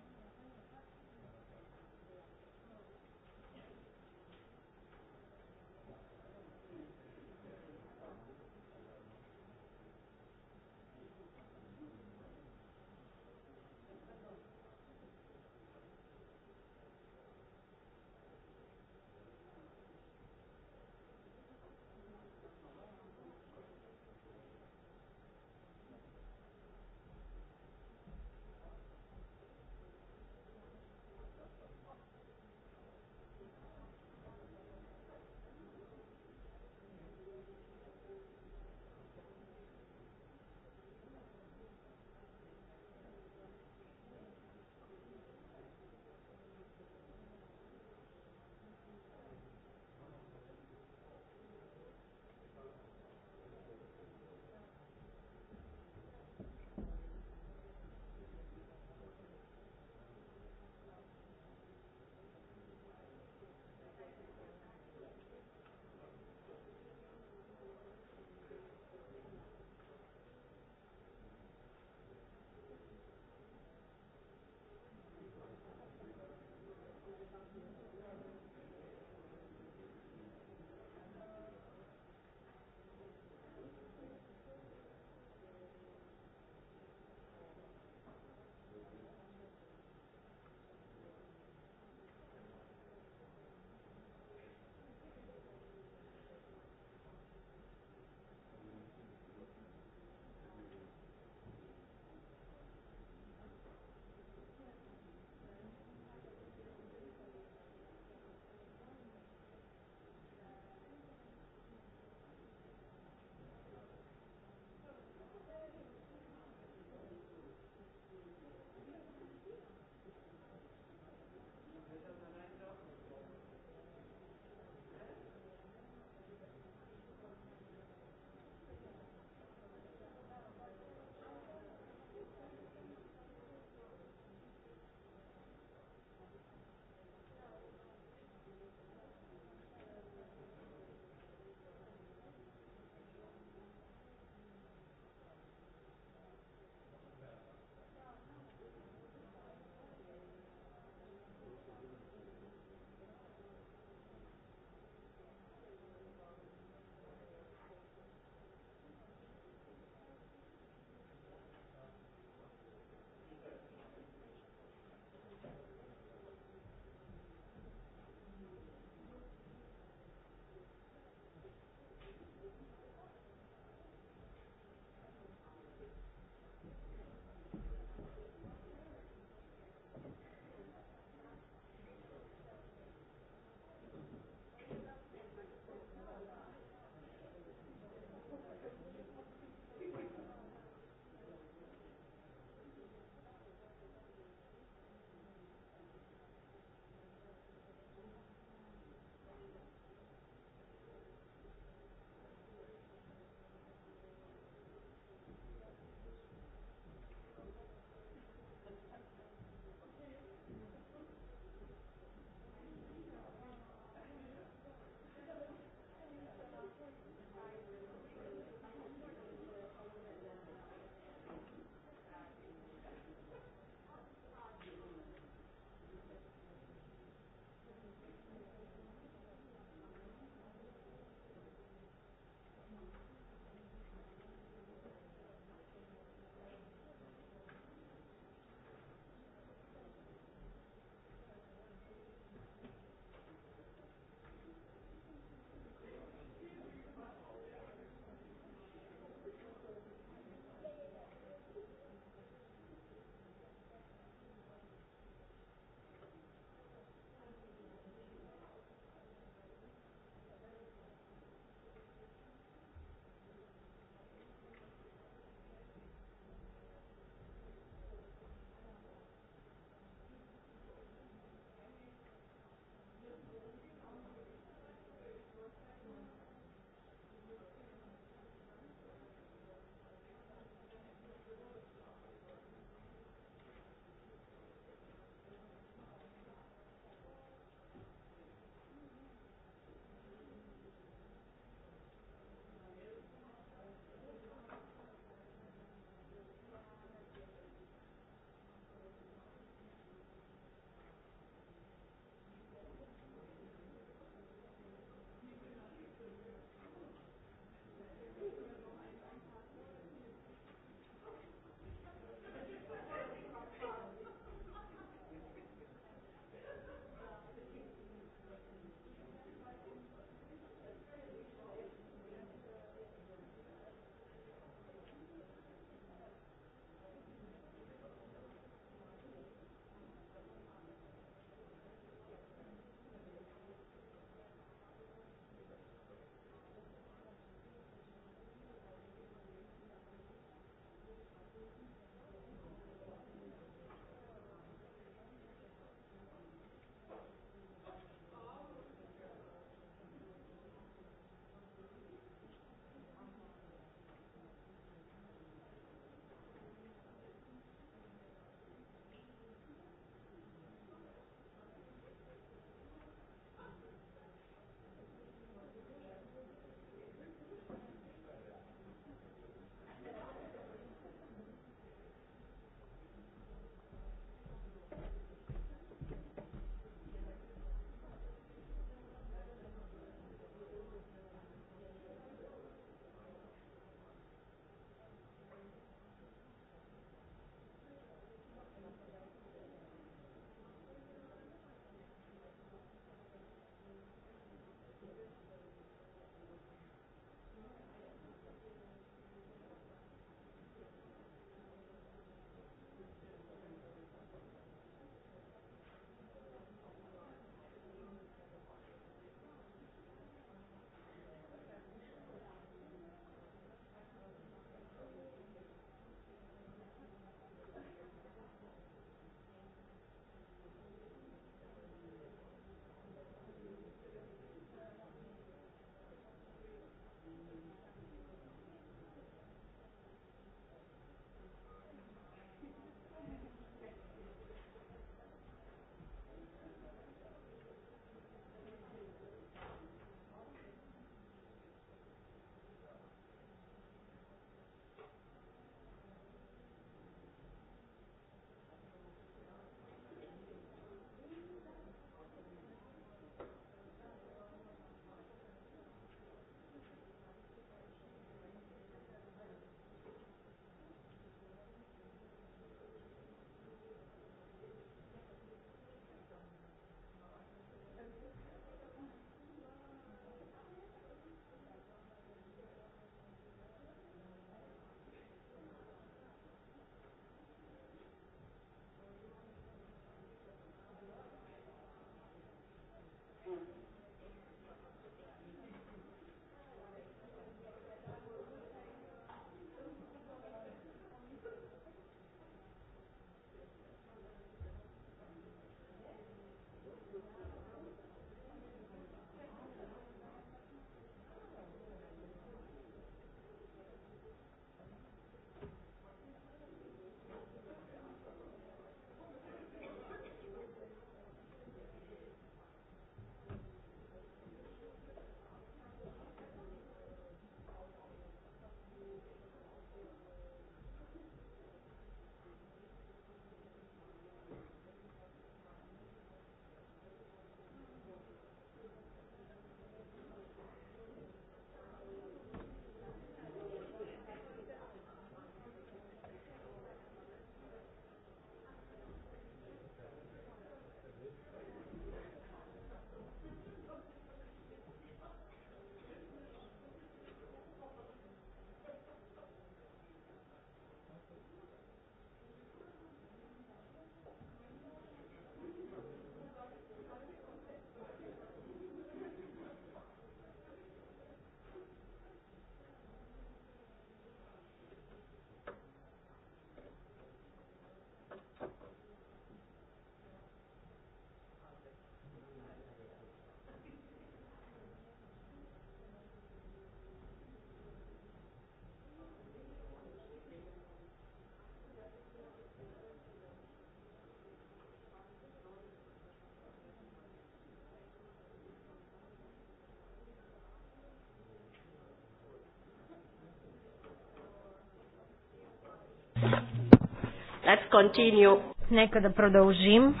Let's continue. Нека да продължим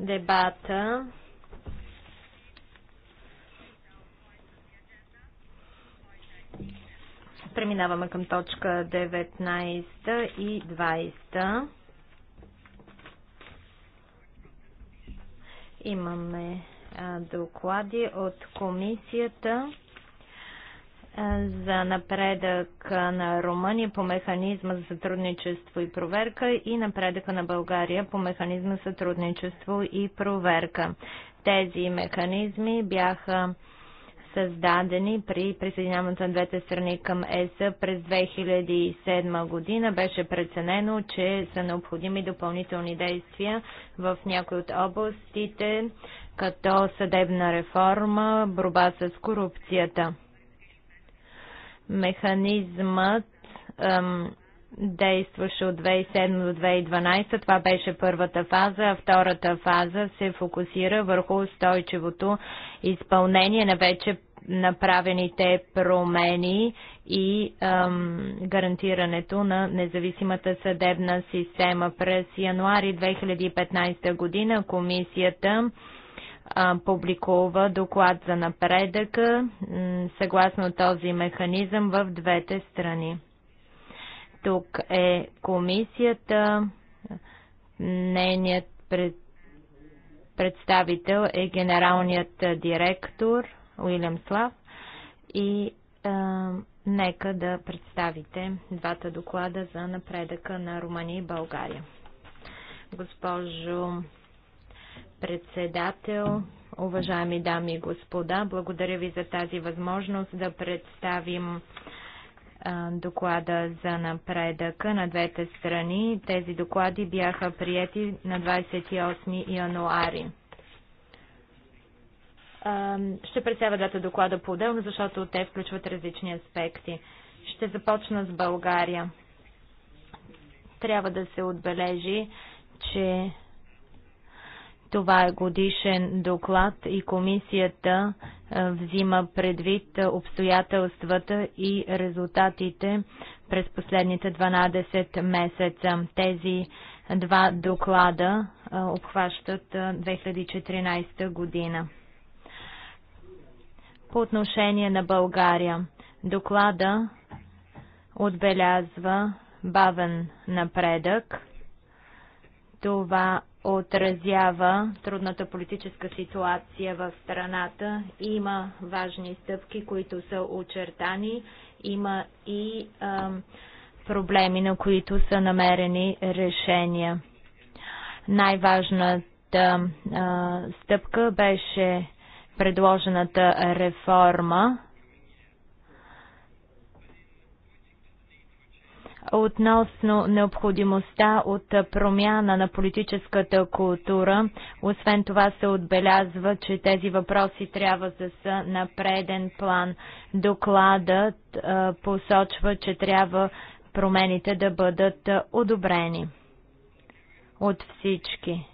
дебата. Преминаваме към точка 19 и 20. Имаме доклади от комисията за напредък на Румъния по механизма за сътрудничество и проверка и напредъка на България по механизма за сътрудничество и проверка. Тези механизми бяха създадени при присъединяването на двете страни към ЕС през 2007 година. Беше преценено, че са необходими допълнителни действия в някои от областите, като съдебна реформа, борба с корупцията. Механизмът ам, действаше от 2007 до 2012. Това беше първата фаза, а втората фаза се фокусира върху устойчивото изпълнение на вече направените промени и ам, гарантирането на независимата съдебна система. През януари 2015 година комисията публикува доклад за напредъка съгласно този механизъм в двете страни. Тук е комисията, нейният пред, представител е генералният директор Уилям Слав и а, нека да представите двата доклада за напредъка на Румъния и България. Госпожо председател, уважаеми дами и господа, благодаря ви за тази възможност да представим доклада за напредъка на двете страни. Тези доклади бяха прияти на 28 януари. Ще представя двата доклада по-отделно, защото те включват различни аспекти. Ще започна с България. Трябва да се отбележи, че това е годишен доклад и комисията е, взима предвид обстоятелствата и резултатите през последните 12 месеца. Тези два доклада е, обхващат 2014 е, година. По отношение на България, доклада отбелязва бавен напредък. Това отразява трудната политическа ситуация в страната. Има важни стъпки, които са очертани. Има и а, проблеми, на които са намерени решения. Най-важната стъпка беше предложената реформа относно необходимостта от промяна на политическата култура. Освен това се отбелязва, че тези въпроси трябва да са на преден план. Докладът посочва, че трябва промените да бъдат одобрени от всички.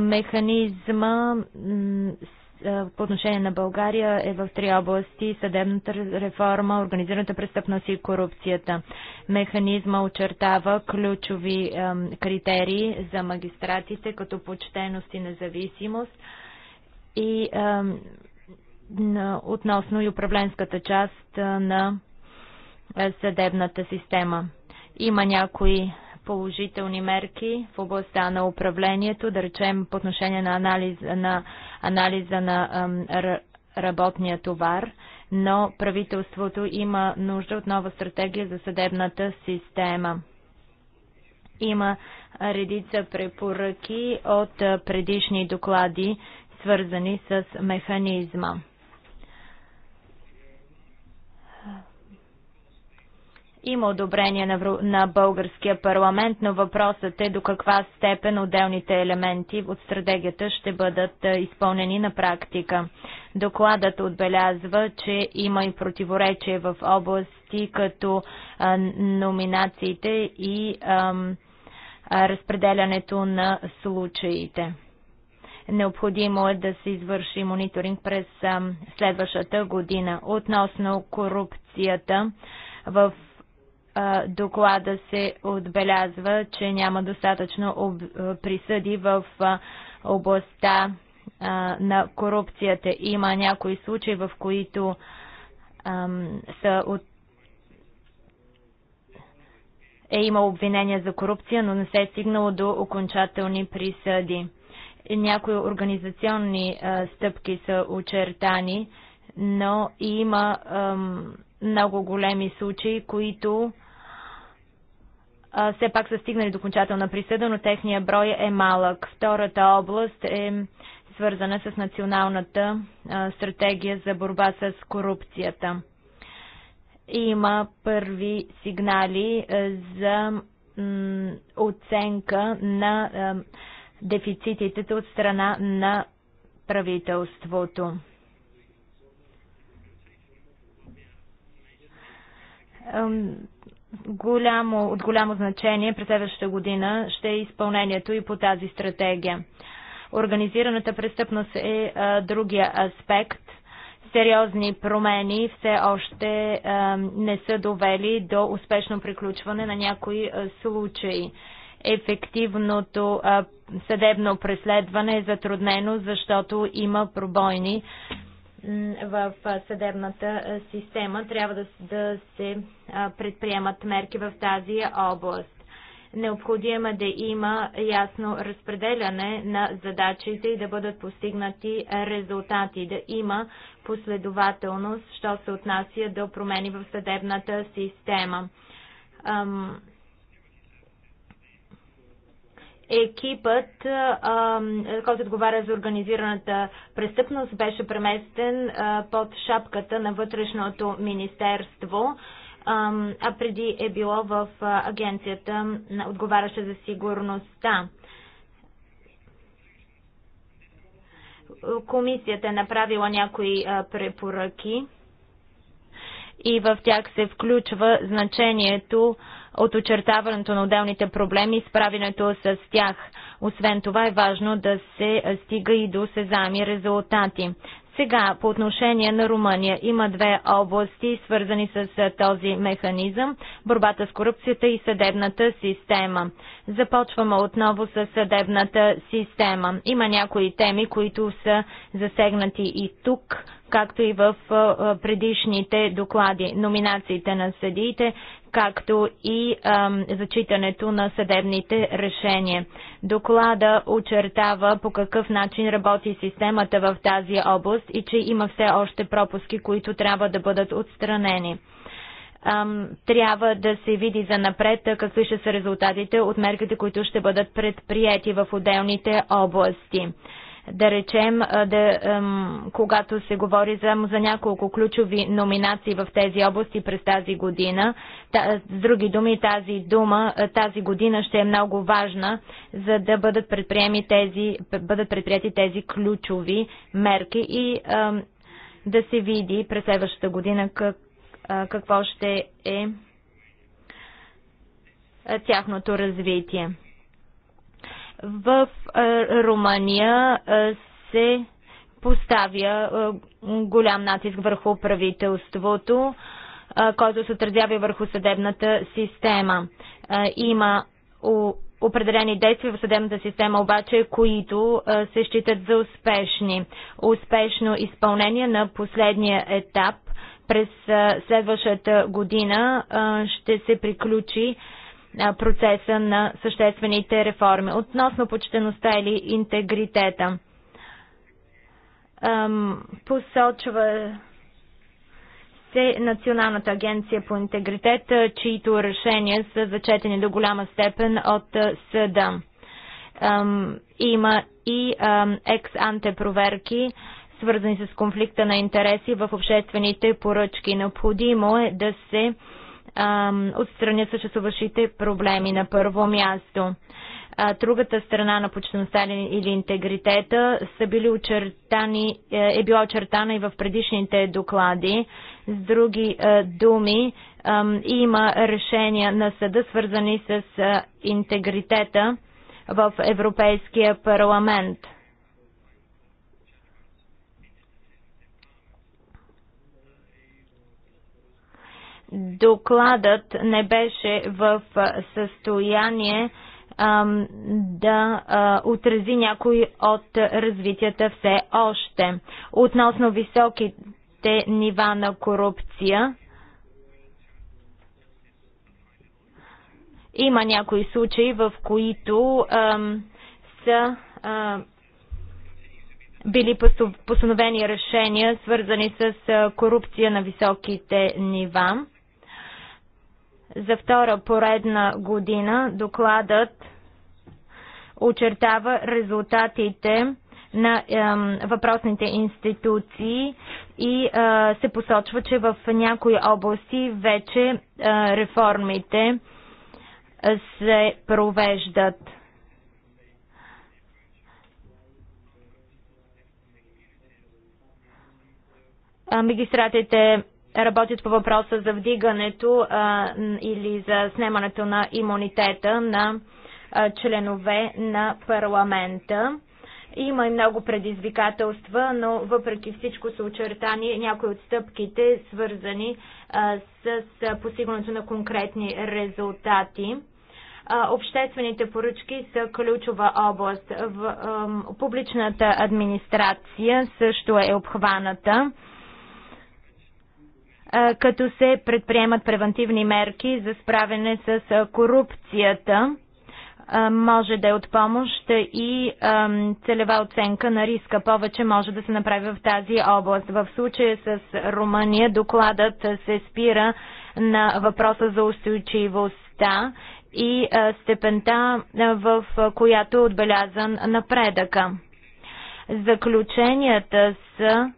Механизма по отношение на България е в три области – съдебната реформа, организираната престъпност и корупцията. Механизма очертава ключови критерии за магистратите, като почтеност и независимост и относно и управленската част на съдебната система. Има някои положителни мерки в областта на управлението, да речем по отношение на анализа на, анализа на ам, работния товар, но правителството има нужда от нова стратегия за съдебната система. Има редица препоръки от предишни доклади, свързани с механизма. Има одобрение на, на българския парламент, но въпросът е до каква степен отделните елементи от стратегията ще бъдат е, изпълнени на практика. Докладът отбелязва, че има и противоречие в области като а, е, номинациите и а, а, е, разпределянето на случаите. Необходимо е да се извърши мониторинг през следващата година. Относно корупцията в доклада се отбелязва, че няма достатъчно присъди в областта на корупцията. Има някои случаи, в които са от... е имал обвинения за корупция, но не се е стигнало до окончателни присъди. Някои организационни а, стъпки са очертани, но има а, много големи случаи, които все пак са стигнали до окончателна присъда, но техния брой е малък. Втората област е свързана с националната стратегия за борба с корупцията. Има първи сигнали за оценка на дефицитите от страна на правителството голямо, от голямо значение през следващата година ще е изпълнението и по тази стратегия. Организираната престъпност е а, другия аспект. Сериозни промени все още а, не са довели до успешно приключване на някои а, случаи. Ефективното а, съдебно преследване е затруднено, защото има пробойни в съдебната система. Трябва да, да се предприемат мерки в тази област. Необходимо е да има ясно разпределяне на задачите и да бъдат постигнати резултати, да има последователност, що се отнася до промени в съдебната система екипът, който отговаря за организираната престъпност, беше преместен под шапката на Вътрешното министерство, а преди е било в агенцията, отговаряща за сигурността. Комисията е направила някои препоръки и в тях се включва значението от очертаването на отделните проблеми и справянето с тях. Освен това е важно да се стига и до сезами резултати. Сега, по отношение на Румъния, има две области, свързани с този механизъм – борбата с корупцията и съдебната система. Започваме отново с съдебната система. Има някои теми, които са засегнати и тук, както и в предишните доклади, номинациите на съдиите, както и ам, зачитането на съдебните решения. Доклада очертава по какъв начин работи системата в тази област и че има все още пропуски, които трябва да бъдат отстранени трябва да се види за напред какви ще са резултатите от мерките, които ще бъдат предприяти в отделните области. Да речем, да, когато се говори за, за няколко ключови номинации в тези области през тази година, с други думи, тази дума, тази година ще е много важна, за да бъдат, тези, бъдат предприяти тези ключови мерки и да се види през следващата година как, какво ще е тяхното развитие. В е, Румъния е, се поставя е, голям натиск върху правителството, който се отразява и върху съдебната система. Има определени действия в съдебната система, обаче, които се считат за успешни. Успешно изпълнение на последния етап през следващата година ще се приключи процеса на съществените реформи. Относно почтеността или интегритета. Посочва се Националната агенция по интегритет, чието решения са зачетени до голяма степен от съда. Има и екс-анте проверки, свързани с конфликта на интереси в обществените поръчки. Необходимо е да се отстранят съществуващите проблеми на първо място. Другата страна на почтеността или интегритета са били очертани, е, е била очертана и в предишните доклади. С други е, думи, има решения на съда, свързани с е, интегритета в Европейския парламент – докладът не беше в състояние да а, отрази някой от развитията все още. Относно високите нива на корупция, има някои случаи, в които са били постановени решения, свързани с корупция на високите нива. За втора поредна година докладът очертава резултатите на е, въпросните институции и е, се посочва, че в някои области вече е, реформите е, се провеждат. Ами, магистратите работят по въпроса за вдигането а, или за снемането на имунитета на а, членове на парламента. Има и много предизвикателства, но въпреки всичко са очертани някои от стъпките, свързани а, с постигането на конкретни резултати. Обществените поръчки са ключова област. В публичната администрация също е обхваната като се предприемат превентивни мерки за справяне с корупцията. Може да е от помощ и целева оценка на риска. Повече може да се направи в тази област. В случая с Румъния докладът се спира на въпроса за устойчивостта и степента, в която е отбелязан напредъка. Заключенията са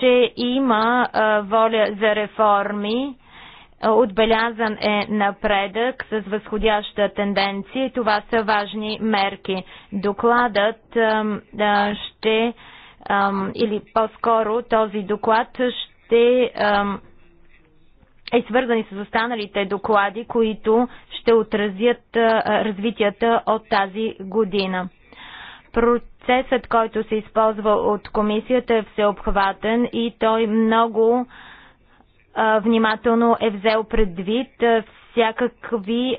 че има воля за реформи. Отбелязан е напредък с възходяща тенденция и това са важни мерки. Докладът ще, или по-скоро този доклад ще е свързан и с останалите доклади, които ще отразят развитията от тази година. Против Процесът, който се използва от комисията е всеобхватен и той много а, внимателно е взел предвид всякакви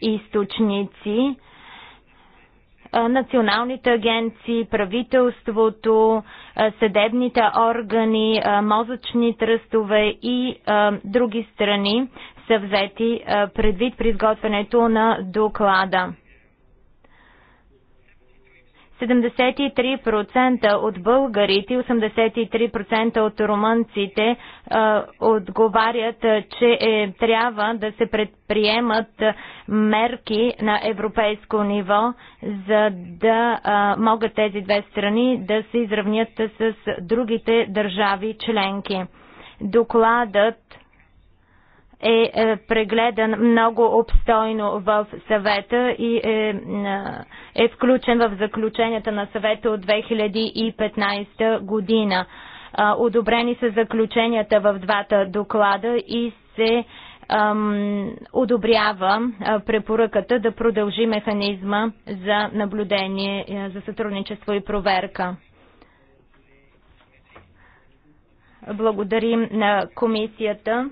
източници, а, националните агенции, правителството, а, съдебните органи, а, мозъчни тръстове и а, други страни са взети предвид при изготвянето на доклада. 73% от българите и 83% от румънците а, отговарят, че е, трябва да се предприемат мерки на европейско ниво, за да а, могат тези две страни да се изравнят с другите държави членки. Докладът е, е прегледан много обстойно в съвета и е, е е включен в заключенията на съвета от 2015 година. Одобрени са заключенията в двата доклада и се ам, одобрява препоръката да продължи механизма за наблюдение, е, за сътрудничество и проверка. Благодарим на комисията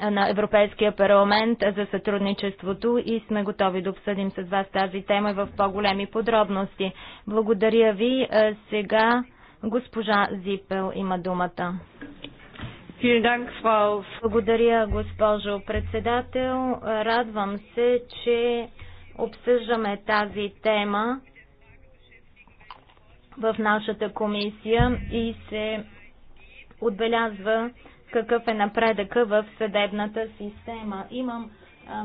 на Европейския парламент за сътрудничеството и сме готови да обсъдим с вас тази тема в по-големи подробности. Благодаря ви. Сега госпожа Зипел има думата. Благодаря, госпожо председател. Радвам се, че обсъждаме тази тема в нашата комисия и се отбелязва какъв е напредъка в съдебната система. Имам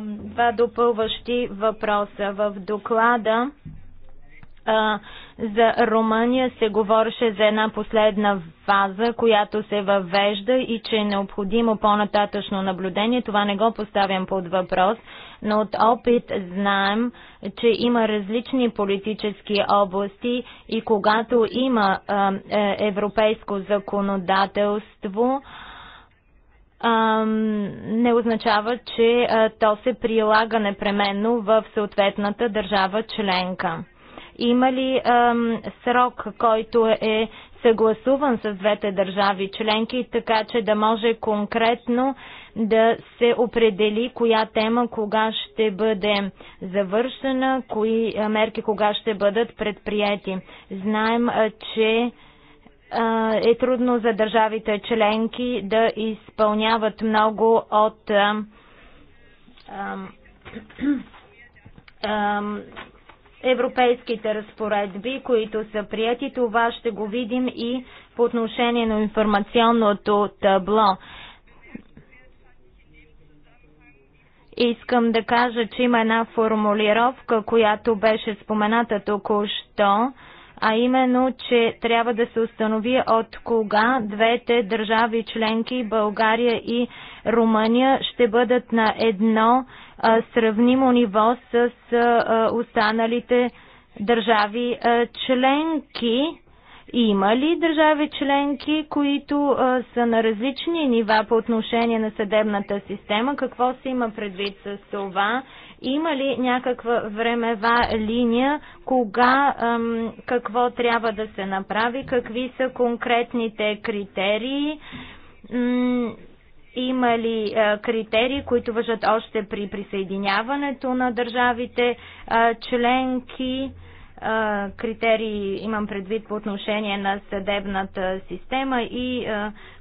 два допълващи въпроса. В доклада а, за Румъния се говореше за една последна фаза, която се въвежда и че е необходимо по-нататъчно наблюдение. Това не го поставям под въпрос, но от опит знаем, че има различни политически области и когато има а, е, европейско законодателство, а, не означава, че то се прилага непременно в съответната държава членка. Има ли срок, който е съгласуван с двете държави членки, така че да може конкретно да се определи коя тема кога ще бъде завършена, кои мерки кога ще бъдат предприяти. Знаем, че е трудно за държавите членки да изпълняват много от европейските разпоредби, които са прияти. Това ще го видим и по отношение на информационното табло. Искам да кажа, че има една формулировка, която беше спомената току-що а именно, че трябва да се установи от кога двете държави членки, България и Румъния, ще бъдат на едно а, сравнимо ниво с а, останалите държави а, членки. Има ли държави членки, които а, са на различни нива по отношение на съдебната система? Какво се има предвид с това? Има ли някаква времева линия, кога, какво трябва да се направи, какви са конкретните критерии? Има ли критерии, които въжат още при присъединяването на държавите членки? критерии имам предвид по отношение на съдебната система и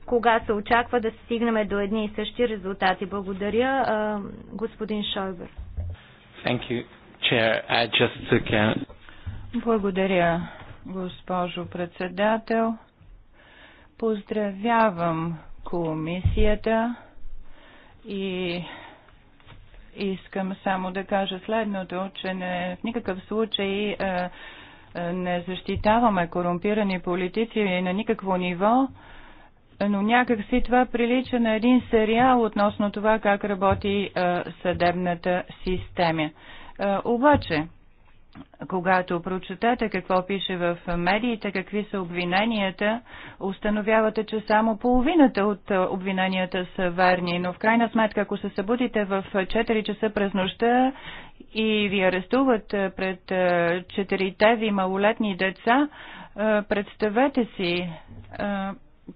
кога се очаква да стигнем до едни и същи резултати. Благодаря, господин Шойбер. Thank you, Chair. I just took a... Благодаря, госпожо председател. Поздравявам комисията и искам само да кажа следното, че не, в никакъв случай е, е, не защитаваме корумпирани политици на никакво ниво но някак си това прилича на един сериал относно това как работи а, е, съдебната система. А, е, обаче, когато прочетете какво пише в медиите, какви са обвиненията, установявате, че само половината от е, обвиненията са верни, но в крайна сметка, ако се събудите в 4 часа през нощта и ви арестуват пред четирите ви малолетни деца, представете си,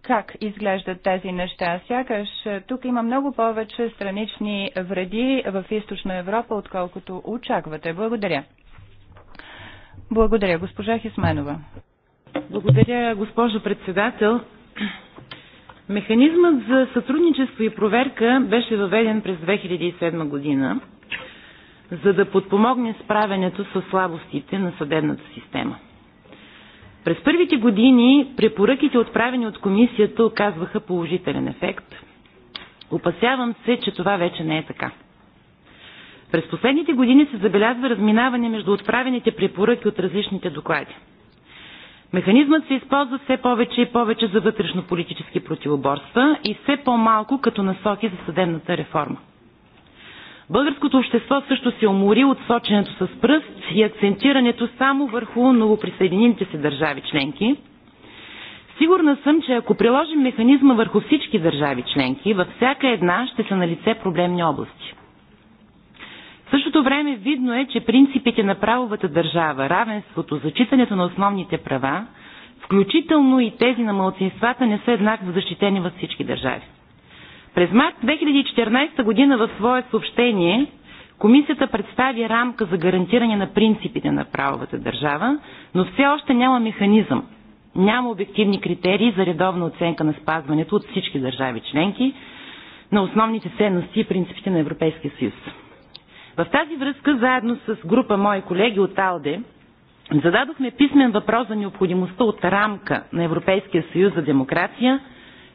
как изглеждат тези неща. Сякаш е, тук има много повече странични вреди в източна Европа, отколкото очаквате. Благодаря. Благодаря, госпожа Хисменова. Благодаря, госпожо председател. Механизмът за сътрудничество и проверка беше въведен през 2007 година, за да подпомогне справянето с слабостите на съдебната система. През първите години препоръките, отправени от комисията, оказваха положителен ефект. Опасявам се, че това вече не е така. През последните години се забелязва разминаване между отправените препоръки от различните доклади. Механизмът се използва все повече и повече за вътрешно-политически противоборства и все по-малко като насоки за съдебната реформа. Българското общество също се умори от соченето с пръст и акцентирането само върху новоприсъединените се държави членки. Сигурна съм, че ако приложим механизма върху всички държави членки, във всяка една ще са на лице проблемни области. В същото време видно е, че принципите на правовата държава, равенството, зачитането на основните права, включително и тези на малцинствата, не са еднакво защитени във всички държави. През март 2014 година в свое съобщение Комисията представи рамка за гарантиране на принципите на правовата държава, но все още няма механизъм. Няма обективни критерии за редовна оценка на спазването от всички държави членки на основните ценности и принципите на Европейския съюз. В тази връзка, заедно с група мои колеги от АЛДЕ, зададохме писмен въпрос за необходимостта от рамка на Европейския съюз за демокрация,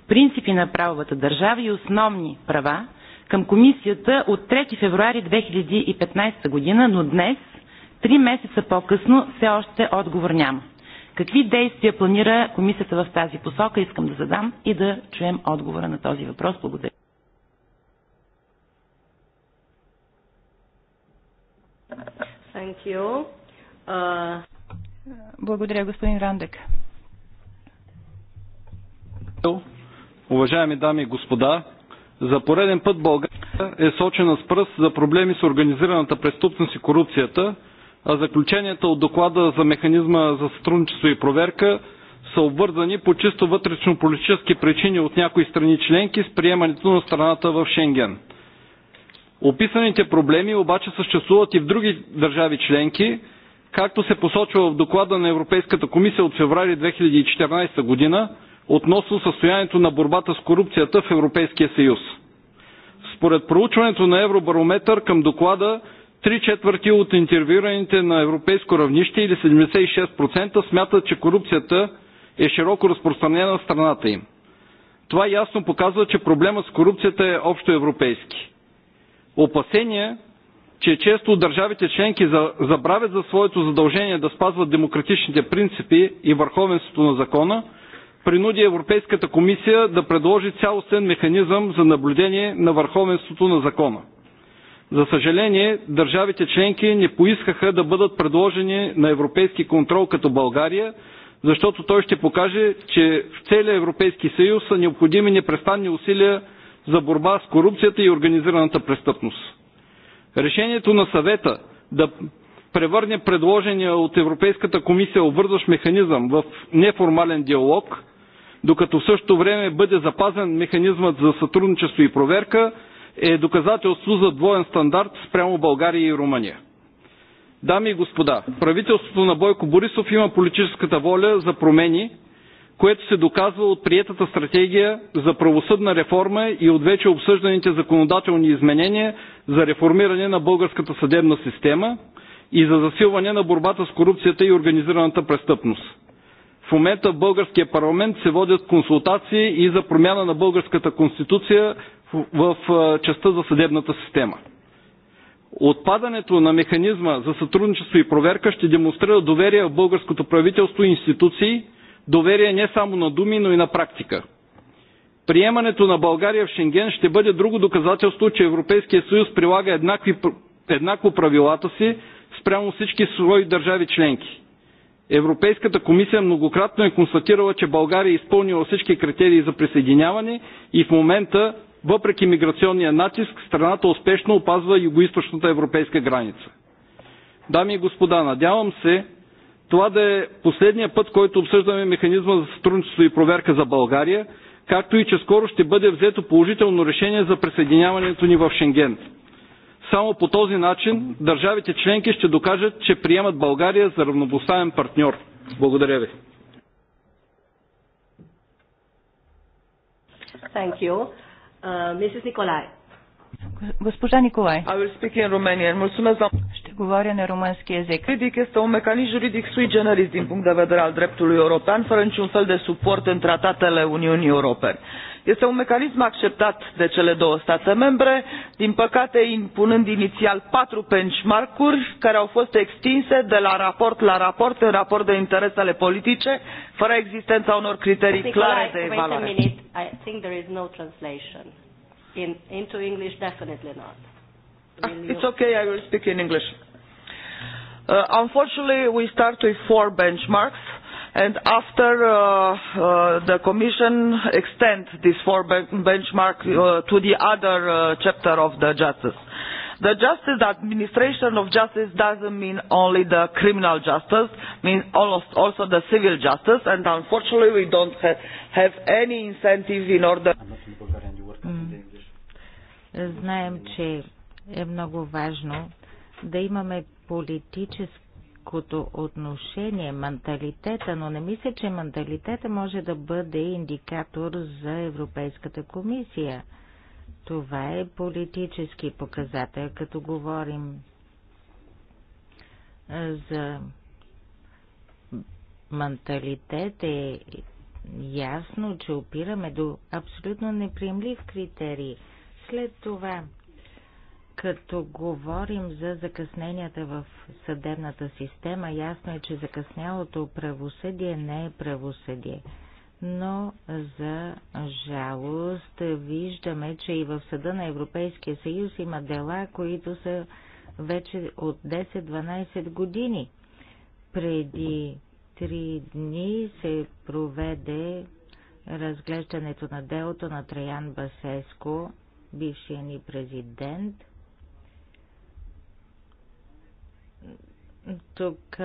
принципи на правовата държава и основни права, към комисията от 3 февруари 2015 година, но днес, три месеца по-късно, все още отговор няма. Какви действия планира комисията в тази посока, искам да задам и да чуем отговора на този въпрос. Благодаря. Thank you. Uh... Благодаря, господин Рандек. Уважаеми дами и господа, за пореден път България е сочена с пръст за проблеми с организираната престъпност и корупцията, а заключенията от доклада за механизма за сътрудничество и проверка са обвързани по чисто вътрешно-политически причини от някои страни членки с приемането на страната в Шенген. Описаните проблеми обаче съществуват и в други държави членки, както се посочва в доклада на Европейската комисия от феврари 2014 година, относно състоянието на борбата с корупцията в Европейския съюз. Според проучването на Евробарометър към доклада, три четвърти от интервюираните на европейско равнище или 76% смятат, че корупцията е широко разпространена в страната им. Това ясно показва, че проблема с корупцията е общо европейски. Опасения, че често държавите членки забравят за своето задължение да спазват демократичните принципи и върховенството на закона – принуди Европейската комисия да предложи цялостен механизъм за наблюдение на върховенството на закона. За съжаление, държавите членки не поискаха да бъдат предложени на европейски контрол като България, защото той ще покаже, че в целия Европейски съюз са необходими непрестанни усилия за борба с корупцията и организираната престъпност. Решението на съвета да превърне предложения от Европейската комисия обвързващ механизъм в неформален диалог докато в същото време бъде запазен механизмът за сътрудничество и проверка, е доказателство за двоен стандарт спрямо България и Румъния. Дами и господа, правителството на Бойко Борисов има политическата воля за промени, което се доказва от приетата стратегия за правосъдна реформа и от вече обсъжданите законодателни изменения за реформиране на българската съдебна система и за засилване на борбата с корупцията и организираната престъпност. В момента в българския парламент се водят консултации и за промяна на българската конституция в частта за съдебната система. Отпадането на механизма за сътрудничество и проверка ще демонстрира доверие в българското правителство и институции, доверие не само на думи, но и на практика. Приемането на България в Шенген ще бъде друго доказателство, че Европейския съюз прилага еднакви, еднакво правилата си спрямо всички свои държави членки. Европейската комисия многократно е констатирала, че България е изпълнила всички критерии за присъединяване и в момента, въпреки миграционния натиск, страната успешно опазва югоисточната европейска граница. Дами и господа, надявам се това да е последния път, който обсъждаме механизма за сътрудничество и проверка за България, както и че скоро ще бъде взето положително решение за присъединяването ни в Шенген. Само по този начин държавите членки ще докажат, че приемат България за равнопоставен партньор. Благодаря ви. Thank you. Uh, Mrs. Николай. Госпожа Николай. I will speak in Romanian. Mulțumesc, doamnă. Ще говоря на румънски език. Juridic este un mecanism juridic sui generis din punct de vedere al dreptului european, fără niciun fel de suport în tratatele Uniunii Europene este un mecanism acceptat de cele două state membre din păcate impunând inițial patru benchmark uri care au fost extinse de la raport la raport în raport de interesele politice fără existența unor criterii clare de evaluare. It's okay, I will speak in English. Uh, unfortunately, we start with four benchmarks and after uh, uh, the Commission extend this four benchmark uh, to the other uh, chapter of the justice. The justice, the administration of justice doesn't mean only the criminal justice, means also the civil justice, and unfortunately we don't have, have any incentive in order. Знаем, че е много важно да имаме политически човешкото отношение, менталитета, но не мисля, че менталитета може да бъде индикатор за Европейската комисия. Това е политически показател, като говорим за менталитет е ясно, че опираме до абсолютно неприемлив критерий. След това като говорим за закъсненията в съдебната система, ясно е, че закъснялото правосъдие не е правосъдие. Но за жалост виждаме, че и в съда на Европейския съюз има дела, които са вече от 10-12 години. Преди три дни се проведе разглеждането на делото на Траян Басеско, бившия ни президент – Тук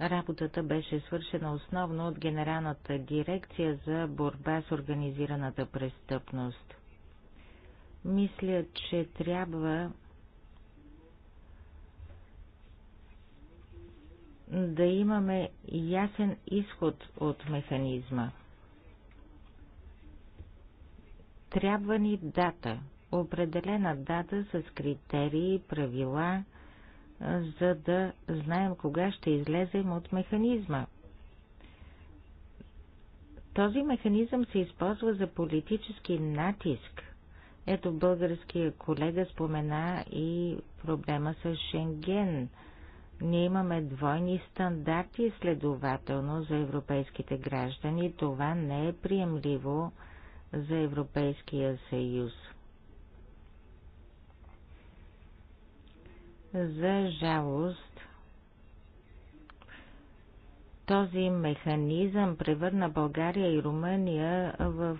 работата беше свършена основно от Генералната дирекция за борба с организираната престъпност. Мисля, че трябва да имаме ясен изход от механизма. Трябва ни дата, определена дата с критерии, правила, правила, за да знаем кога ще излезем от механизма. Този механизъм се използва за политически натиск. Ето българския колега спомена и проблема с Шенген. Ние имаме двойни стандарти следователно за европейските граждани. Това не е приемливо за Европейския съюз. За жалост, този механизъм превърна България и Румъния в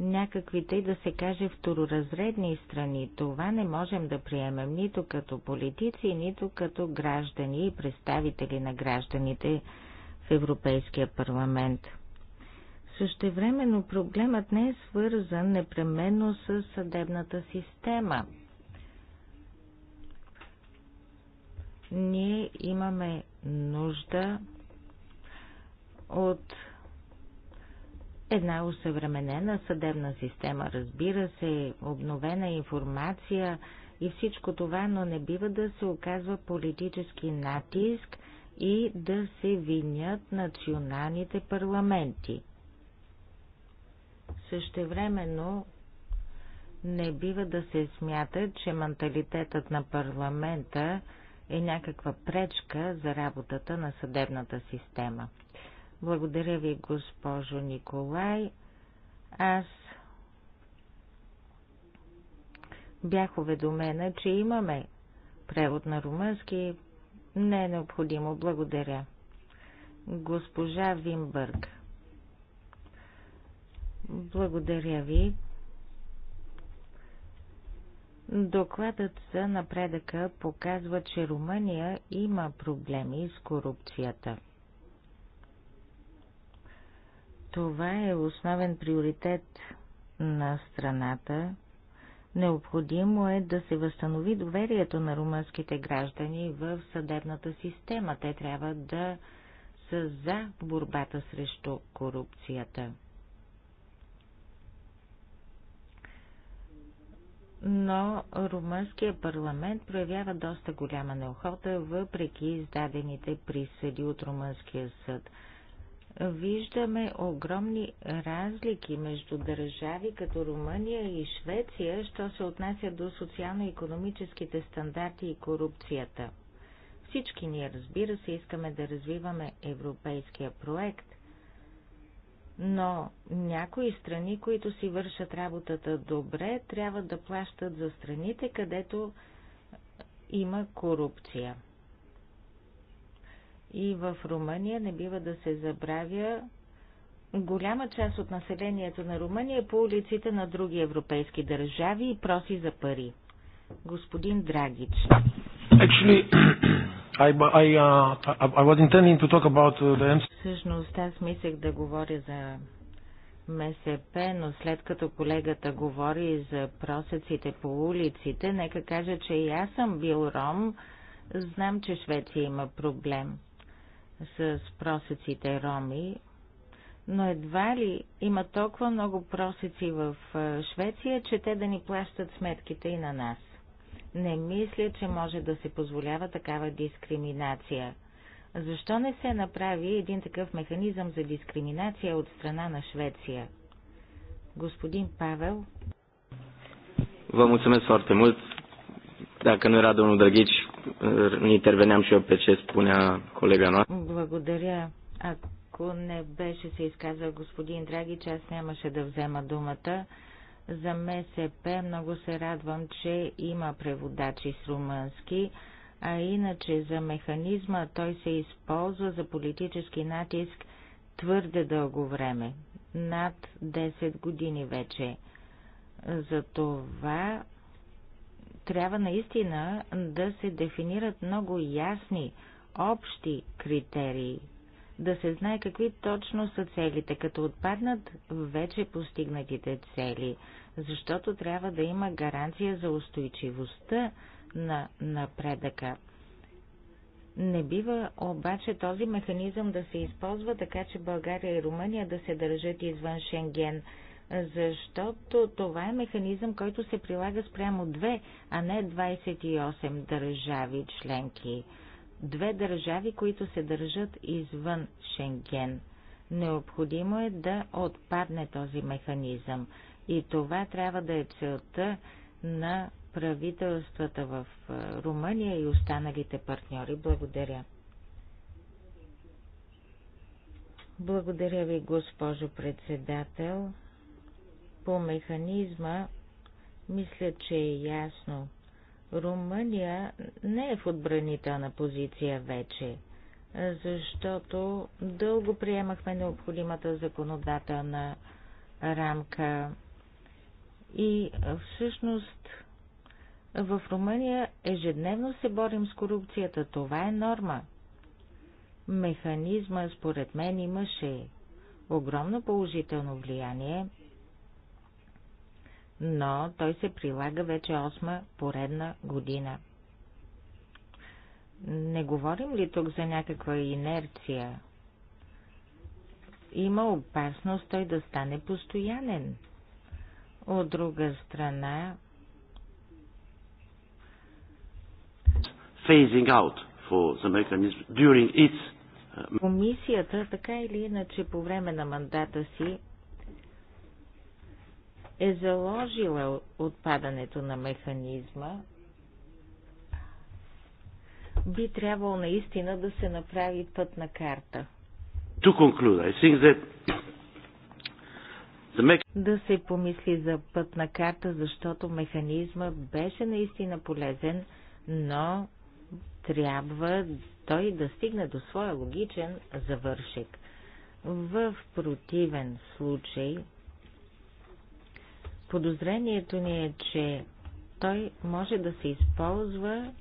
някакви, тъй да се каже, второразредни страни. Това не можем да приемем нито като политици, нито като граждани и представители на гражданите в Европейския парламент. Същевременно проблемът не е свързан непременно с съдебната система – Ние имаме нужда от една усъвременена съдебна система, разбира се, обновена информация и всичко това, но не бива да се оказва политически натиск и да се винят националните парламенти. Същевременно не бива да се смята, че менталитетът на парламента е някаква пречка за работата на съдебната система. Благодаря ви, госпожо Николай. Аз бях уведомена, че имаме превод на румънски. Не е необходимо. Благодаря. Госпожа Вимбърг. Благодаря ви. Докладът за напредъка показва, че Румъния има проблеми с корупцията. Това е основен приоритет на страната. Необходимо е да се възстанови доверието на румънските граждани в съдебната система. Те трябва да са за борбата срещу корупцията. но румънския парламент проявява доста голяма неохота, въпреки издадените присъди от румънския съд. Виждаме огромни разлики между държави като Румъния и Швеция, що се отнася до социално-економическите стандарти и корупцията. Всички ние, разбира се, искаме да развиваме европейския проект, но някои страни, които си вършат работата добре, трябва да плащат за страните, където има корупция. И в Румъния не бива да се забравя голяма част от населението на Румъния е по улиците на други европейски държави и проси за пари. Господин Драгич. Actually, I, I, uh, I was intending to talk about uh, the Всъщност аз мислех да говоря за МСП, но след като колегата говори за просеците по улиците, нека кажа, че и аз съм бил ром. Знам, че Швеция има проблем с просеците роми, но едва ли има толкова много просеци в Швеция, че те да ни плащат сметките и на нас. Не мисля, че може да се позволява такава дискриминация. Защо не се направи един такъв механизъм за дискриминация от страна на Швеция? Господин Павел. Vă mulțumesc foarte mult. Dacă nu era domnul Drăghici, interveneam și eu pe ce spunea colega noastră. Благодаря. Ако не беше се изказал господин Драгич, аз нямаше да взема думата. За МСП много се радвам, че има преводачи с румънски, а иначе за механизма той се използва за политически натиск твърде дълго време, над 10 години вече. За това трябва наистина да се дефинират много ясни, общи критерии – да се знае какви точно са целите, като отпаднат вече постигнатите цели, защото трябва да има гаранция за устойчивостта на напредъка. Не бива обаче този механизъм да се използва така, че България и Румъния да се държат извън Шенген, защото това е механизъм, който се прилага спрямо две, а не 28 държави членки две държави, които се държат извън Шенген. Необходимо е да отпадне този механизъм и това трябва да е целта на правителствата в е, Румъния и останалите партньори. Благодаря. Благодаря ви, госпожо председател. По механизма мисля, че е ясно, Румъния не е в отбранителна позиция вече, защото дълго приемахме необходимата законодателна рамка и всъщност в Румъния ежедневно се борим с корупцията. Това е норма. Механизма, според мен, имаше огромно положително влияние – но той се прилага вече 8 поредна година. Не говорим ли тук за някаква инерция? Има опасност той да стане постоянен. От друга страна... Phasing out for the mechanism during its... Uh, комисията така или иначе по време на мандата си е заложила отпадането на механизма, би трябвало наистина да се направи пътна карта. Conclude, the... Да се помисли за пътна карта, защото механизма беше наистина полезен, но трябва той да стигне до своя логичен завършек. В противен случай Подозрението ни е, че той може да се използва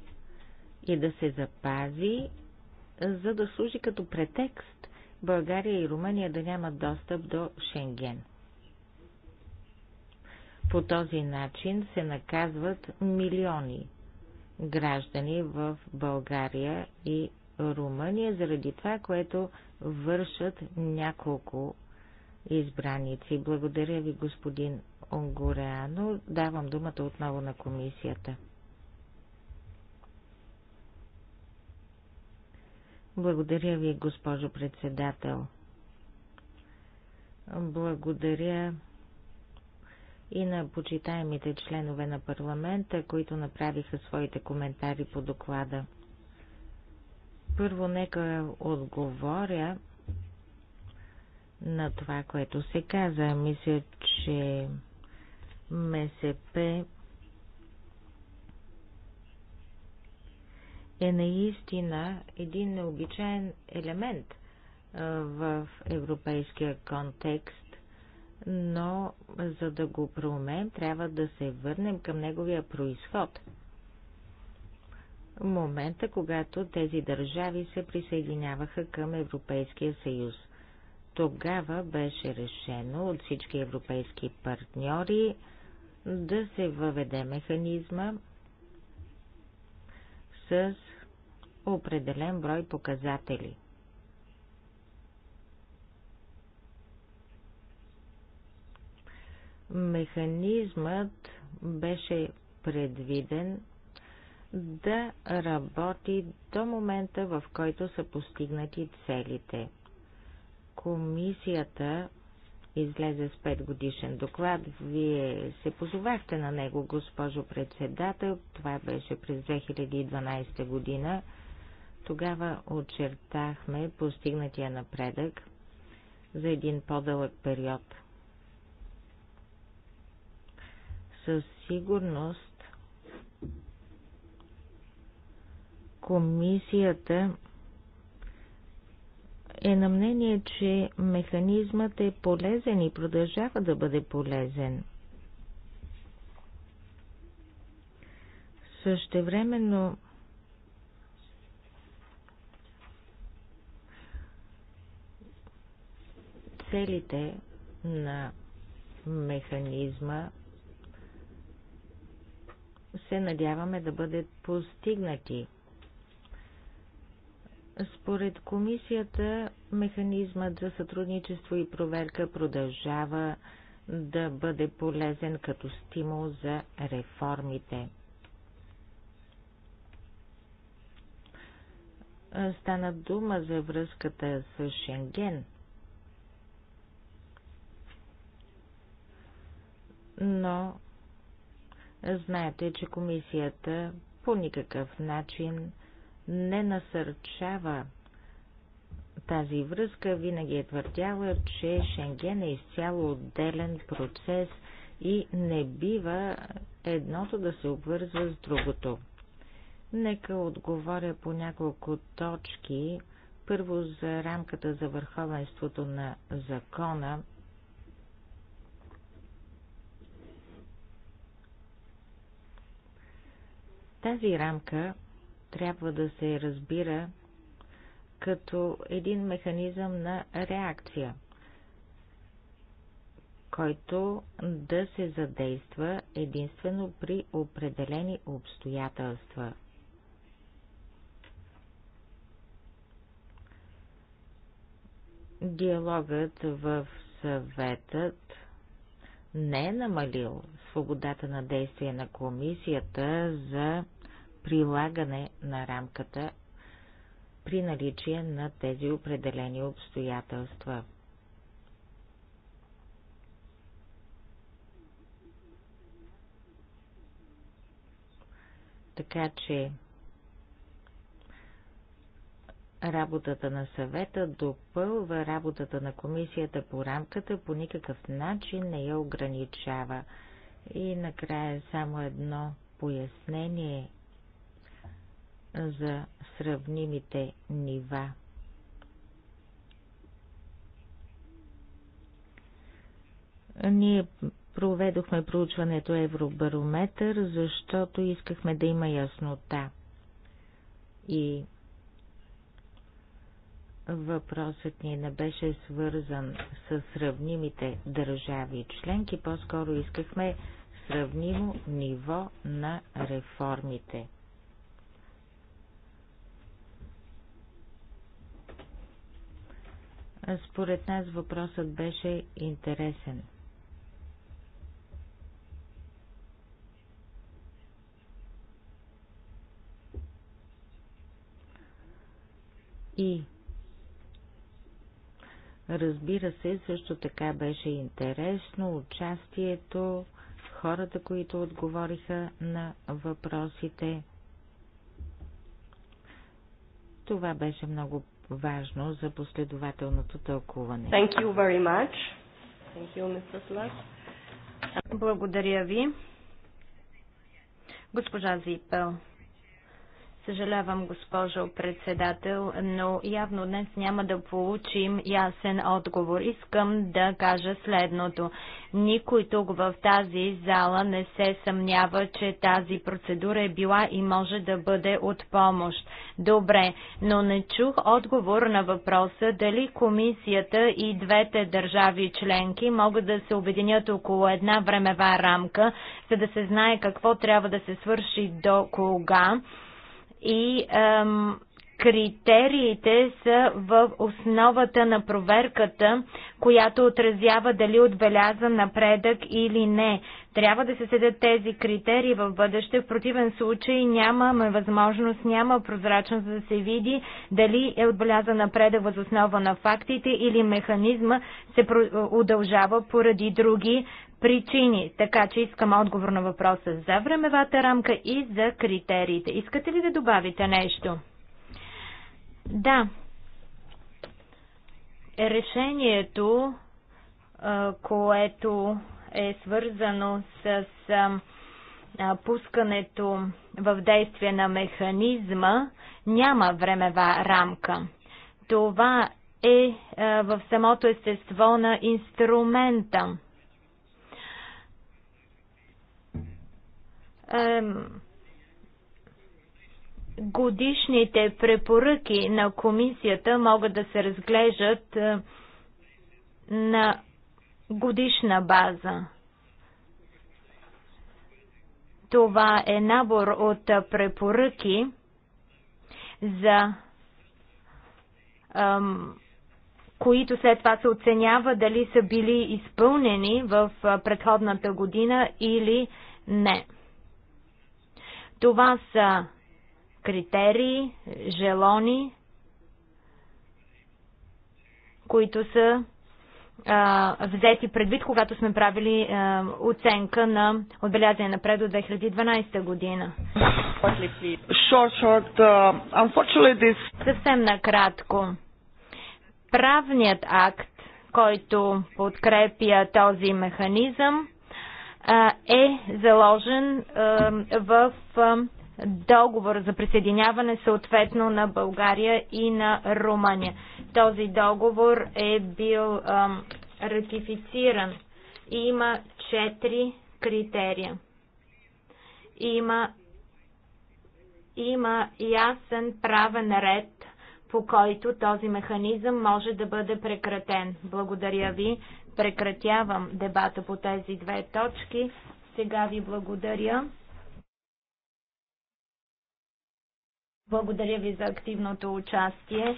и да се запази, за да служи като претекст България и Румъния да нямат достъп до Шенген. По този начин се наказват милиони граждани в България и Румъния заради това, което вършат няколко избраници. Благодаря ви, господин Горяно. Давам думата отново на комисията. Благодаря ви, госпожо председател. Благодаря и на почитаемите членове на парламента, които направиха своите коментари по доклада. Първо нека отговоря на това, което се каза. Мисля, че МСП е наистина един необичайен елемент в европейския контекст, но за да го проумеем, трябва да се върнем към неговия происход. Момента, когато тези държави се присъединяваха към Европейския съюз. Тогава беше решено от всички европейски партньори да се въведе механизма с определен брой показатели. Механизмът беше предвиден да работи до момента, в който са постигнати целите. Комисията излезе с 5 годишен доклад. Вие се позовахте на него, госпожо председател. Това беше през 2012 година. Тогава очертахме постигнатия напредък за един по-дълъг период. Със сигурност комисията е на мнение, че механизмът е полезен и продължава да бъде полезен. Същевременно целите на механизма се надяваме да бъдат постигнати. Според комисията, механизмът за сътрудничество и проверка продължава да бъде полезен като стимул за реформите. Стана дума за връзката с Шенген. Но знаете, че комисията по никакъв начин не не насърчава тази връзка, винаги е твърдяла, че Шенген е изцяло отделен процес и не бива едното да се обвързва с другото. Нека отговоря по няколко точки. Първо за рамката за върховенството на закона. Тази рамка трябва да се разбира като един механизъм на реакция, който да се задейства единствено при определени обстоятелства. Диалогът в съветът не е намалил свободата на действие на комисията за прилагане на рамката при наличие на тези определени обстоятелства. Така че работата на съвета допълва работата на комисията по рамката, по никакъв начин не я ограничава. И накрая само едно пояснение за сравнимите нива. Ние проведохме проучването Евробарометър, защото искахме да има яснота. И въпросът ни не беше свързан с сравнимите държави и членки, по-скоро искахме сравнимо ниво на реформите – Според нас въпросът беше интересен. И разбира се, също така беше интересно участието, хората, които отговориха на въпросите. Това беше много важно за последователното тълкуване. Thank you very much. Thank you, Mrs. Благодаря ви. Госпожа Зипел. Съжалявам, госпожо председател, но явно днес няма да получим ясен отговор. Искам да кажа следното. Никой тук в тази зала не се съмнява, че тази процедура е била и може да бъде от помощ. Добре, но не чух отговор на въпроса дали комисията и двете държави членки могат да се обединят около една времева рамка, за да се знае какво трябва да се свърши до кога и ам, Критериите са в основата на проверката, която отразява дали отбеляза напредък или не. Трябва да се седят тези критерии в бъдеще, в противен случай нямаме възможност, няма прозрачност да се види дали е отбеляза напредък въз основа на фактите или механизма се удължава поради други причини. Така че искам отговор на въпроса за времевата рамка и за критериите. Искате ли да добавите нещо? Да. Решението, което е свързано с пускането в действие на механизма, няма времева рамка. Това е в самото естество на инструмента. Ем Годишните препоръки на комисията могат да се разглеждат е, на годишна база. Това е набор от препоръки за които след това се оценява дали са били изпълнени в предходната година или не. Това са критерии, желони, които са а, взети предвид, когато сме правили а, оценка на отбелязане напред предо 2012 година. Short, short, uh, this... Съвсем накратко. Правният акт, който подкрепя този механизъм, а, е заложен а, в а, договор за присъединяване съответно на България и на Румъния. Този договор е бил ам, ратифициран и има четири критерия. Има, има ясен правен ред, по който този механизъм може да бъде прекратен. Благодаря ви. Прекратявам дебата по тези две точки. Сега ви благодаря. Благодаря ви за активното участие.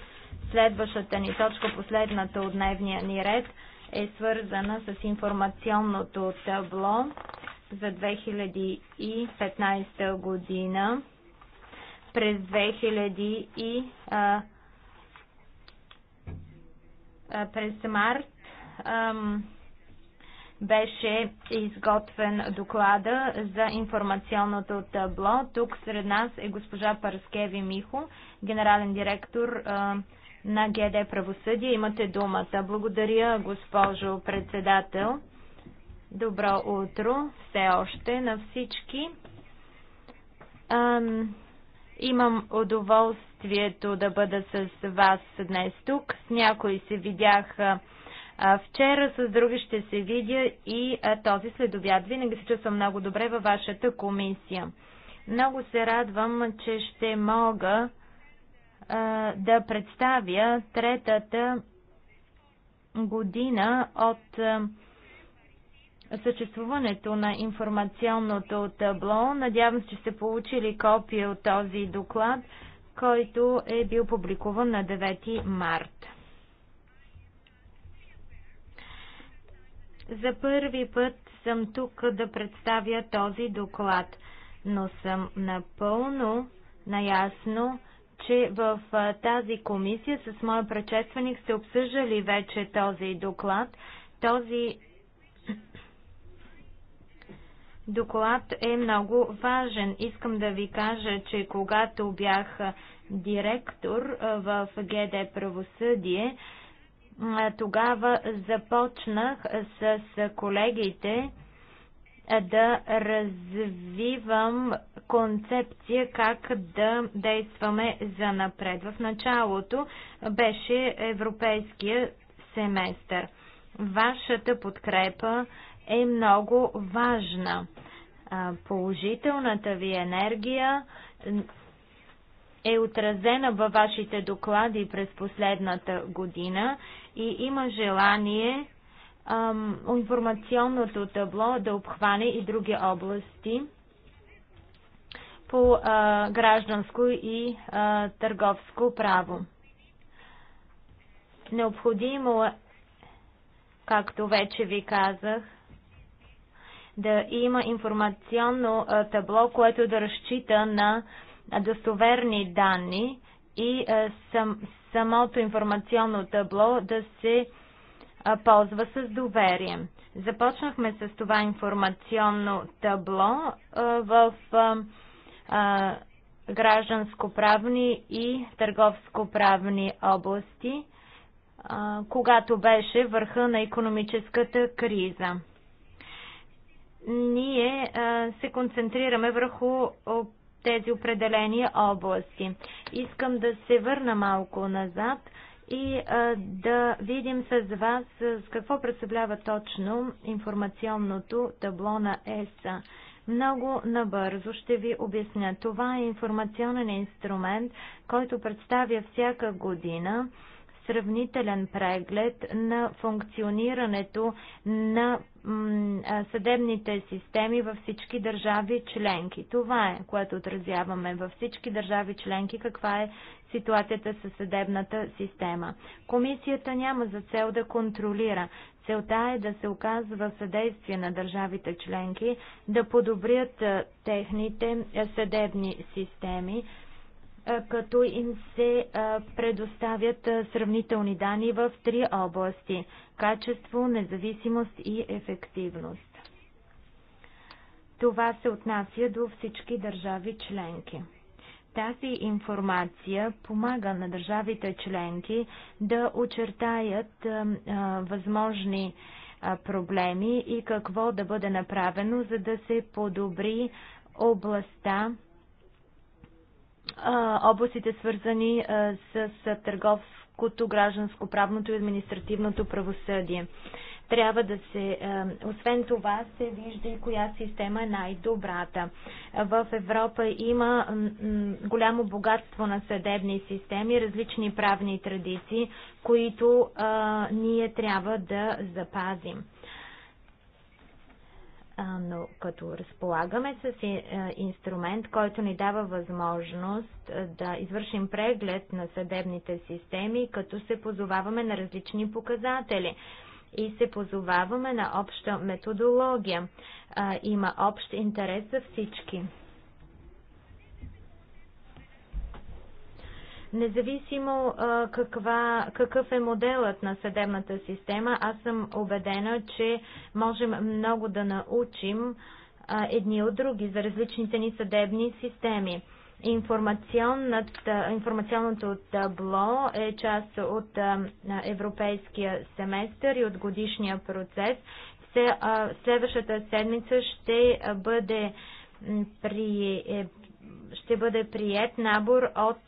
Следващата ни точка, последната от дневния ни ред, е свързана с информационното табло за 2015 година. През 2000 и, а, а, през март А, беше изготвен доклада за информационното табло. Тук сред нас е госпожа Парскеви Михо, генерален директор на ГД Правосъдие. Имате думата. Благодаря, госпожо председател. Добро утро все още на всички. Ам, имам удоволствието да бъда с вас днес тук. С някои се видях Вчера с други ще се видя и този следобяд. Винаги се чувствам много добре във вашата комисия. Много се радвам, че ще мога да представя третата година от съществуването на информационното табло. Надявам се, че сте получили копия от този доклад, който е бил публикуван на 9 март. За първи път съм тук да представя този доклад, но съм напълно наясно, че в тази комисия с моя предшественик сте обсъждали вече този доклад. Този (clears throat) доклад е много важен. Искам да ви кажа, че когато бях директор в ГД Правосъдие, тогава започнах с колегите да развивам концепция как да действаме за напред. В началото беше европейския семестър. Вашата подкрепа е много важна. Положителната ви енергия е отразена във вашите доклади през последната година и има желание ам, информационното табло да обхване и други области по а, гражданско и а, търговско право. Необходимо е, както вече ви казах, да има информационно а, табло, което да разчита на достоверни данни, и е, сам, самото информационно табло да се е, ползва с доверие. Започнахме с това информационно табло е, в гражданско-правни и търговско-правни области, когато беше върха на економическата криза. Ние се концентрираме върху тези определени области. Искам да се върна малко назад и а, да видим с вас с какво представлява точно информационното табло на ЕСА. Много набързо ще ви обясня. Това е информационен инструмент, който представя всяка година сравнителен преглед на функционирането на съдебните системи във всички държави членки. Това е, което отразяваме във всички държави членки, каква е ситуацията със съдебната система. Комисията няма за цел да контролира. Целта е да се оказва съдействие на държавите членки да подобрят техните съдебни системи, е, като им се е, предоставят е, сравнителни данни в три области – качество, независимост и ефективност. Това се отнася до всички държави членки. Тази информация помага на държавите членки да очертаят възможни проблеми и какво да бъде направено, за да се подобри областта областите свързани с търговското, гражданско, правното и административното правосъдие. Трябва да се, освен това, се вижда и коя система е най-добрата. В Европа има голямо богатство на съдебни системи, различни правни традиции, които ние трябва да запазим но като разполагаме с е, е, инструмент, който ни дава възможност е, да извършим преглед на съдебните системи, като се позоваваме на различни показатели и се позоваваме на обща методология. Има общ интерес за всички. Независимо а, каква, какъв е моделът на съдебната система, аз съм убедена, че можем много да научим а, едни от други за различните ни съдебни системи. Информационното табло е част от а, европейския семестър и от годишния процес. Се, следващата седмица ще бъде при, е, ще бъде прият набор от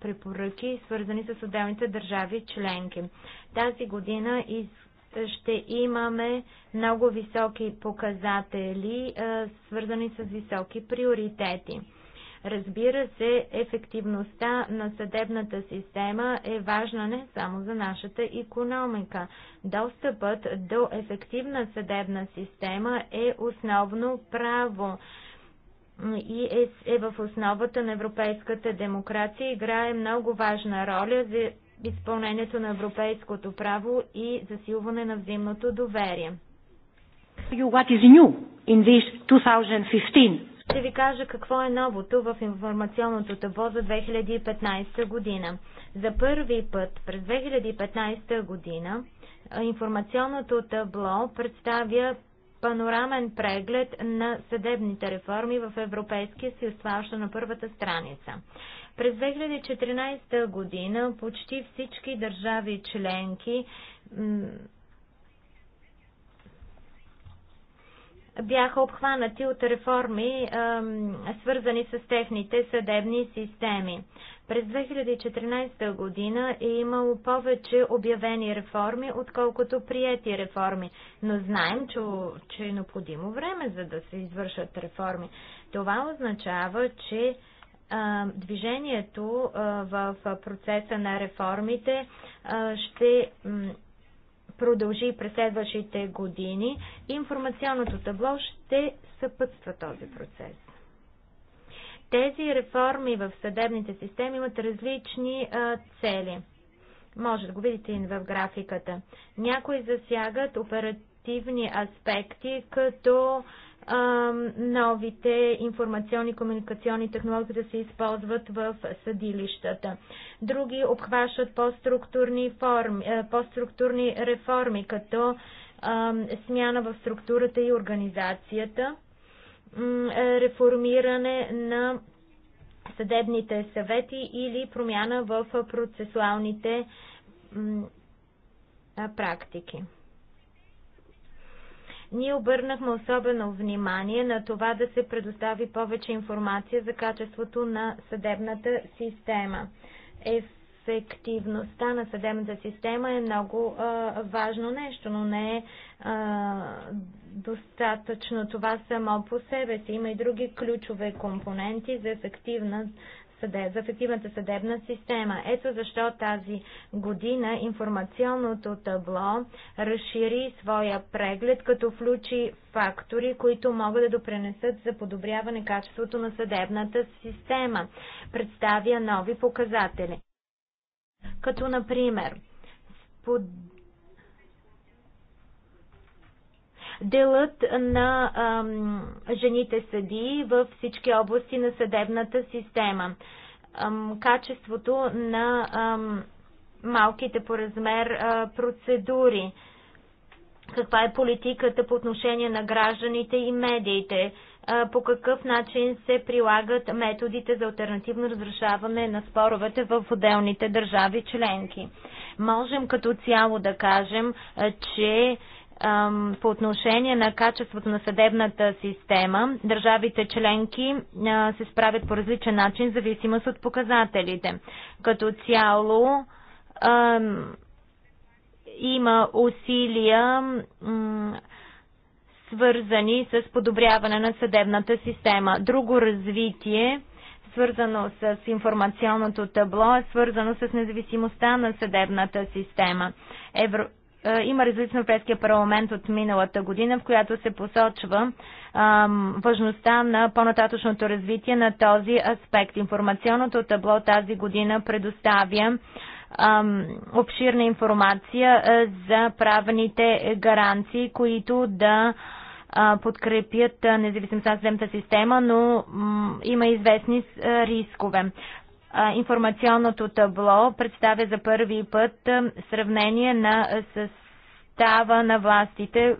препоръки, свързани с отделните държави членки. Тази година ще имаме много високи показатели, свързани с високи приоритети. Разбира се, ефективността на съдебната система е важна не само за нашата економика. Достъпът до ефективна съдебна система е основно право и е, е в основата на европейската демокрация, играе много важна роля за изпълнението на европейското право и засилване на взаимното доверие. What is new in this 2015? Ще ви кажа какво е новото в информационното табло за 2015 година. За първи път през 2015 година информационното табло представя панорамен преглед на съдебните реформи в Европейския съюз, това е още на първата страница. През 2014 година почти всички държави членки бяха обхванати от реформи, свързани с техните съдебни системи. През 2014 година е имало повече обявени реформи, отколкото приети реформи, но знаем, че, че е необходимо време за да се извършат реформи. Това означава, че а, движението а, в процеса на реформите а, ще продължи през следващите години, информационното табло ще съпътства този процес. Тези реформи в съдебните системи имат различни а, цели. Може да го видите и в графиката. Някои засягат оперативни аспекти, като а, новите информационни и комуникационни технологии да се използват в съдилищата. Други обхващат по-структурни, форми, е, по-структурни реформи, като смяна в структурата и организацията, е, реформиране на съдебните съвети или промяна в процесуалните практики. Ние обърнахме особено внимание на това да се предостави повече информация за качеството на съдебната система. Ефективността на съдебната система е много а, важно нещо, но не е а, достатъчно това само по себе си. Има и други ключове компоненти за ефективна за ефективната съдебна система. Ето защо тази година информационното табло разшири своя преглед, като включи фактори, които могат да допренесат за подобряване качеството на съдебната система. Представя нови показатели. Като, например, Делът на а, жените съди във всички области на съдебната система. А, качеството на а, малките по размер а, процедури. Каква е политиката по отношение на гражданите и медиите? по какъв начин се прилагат методите за альтернативно разрешаване на споровете в отделните държави членки. Можем като цяло да кажем, че по отношение на качеството на съдебната система, държавите членки се справят по различен начин, зависимост от показателите. Като цяло има усилия свързани с подобряване на съдебната система. Друго развитие, свързано с информационното табло, е свързано с независимостта на съдебната система. Евро... Е, има резолюция на Европейския парламент от миналата година, в която се посочва важността на по-нататъчното развитие на този аспект. Информационното табло тази година предоставя обширна информация е, за правените гаранции, които да подкрепят независимостта на съдебната система, но има известни рискове. Информационното табло представя за първи път сравнение на състава на властите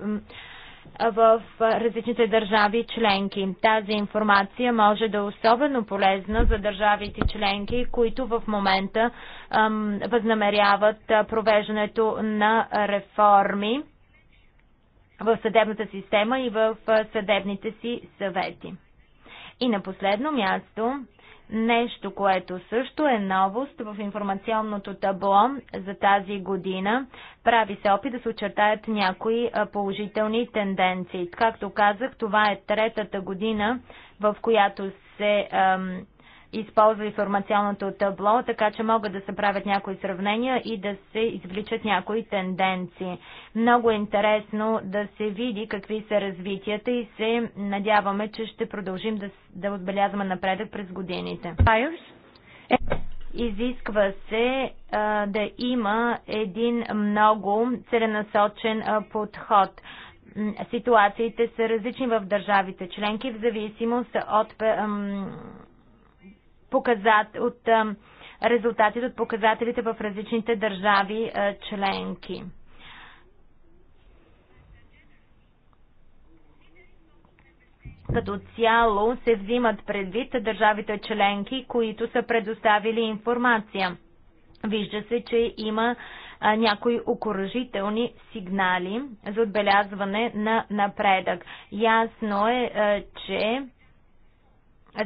в различните държави членки. Тази информация може да е особено полезна за държавите членки, които в момента ам, възнамеряват провеждането на реформи в съдебната система и в съдебните си съвети. И на последно място Нещо, което също е новост в информационното табло за тази година, прави се опит да се очертаят някои положителни тенденции. Както казах, това е третата година, в която се ам, използва информационното табло, така че могат да се правят някои сравнения и да се извличат някои тенденции. Много е интересно да се види какви са развитията и се надяваме, че ще продължим да, да отбелязваме напредък през годините. Е, изисква се а, да има един много целенасочен а, подход ситуациите са различни в държавите членки в зависимост от показат, от резултатите от показателите в различните държави членки. Като цяло се взимат предвид държавите членки, които са предоставили информация. Вижда се, че има някои окоръжителни сигнали за отбелязване на напредък. Ясно е, че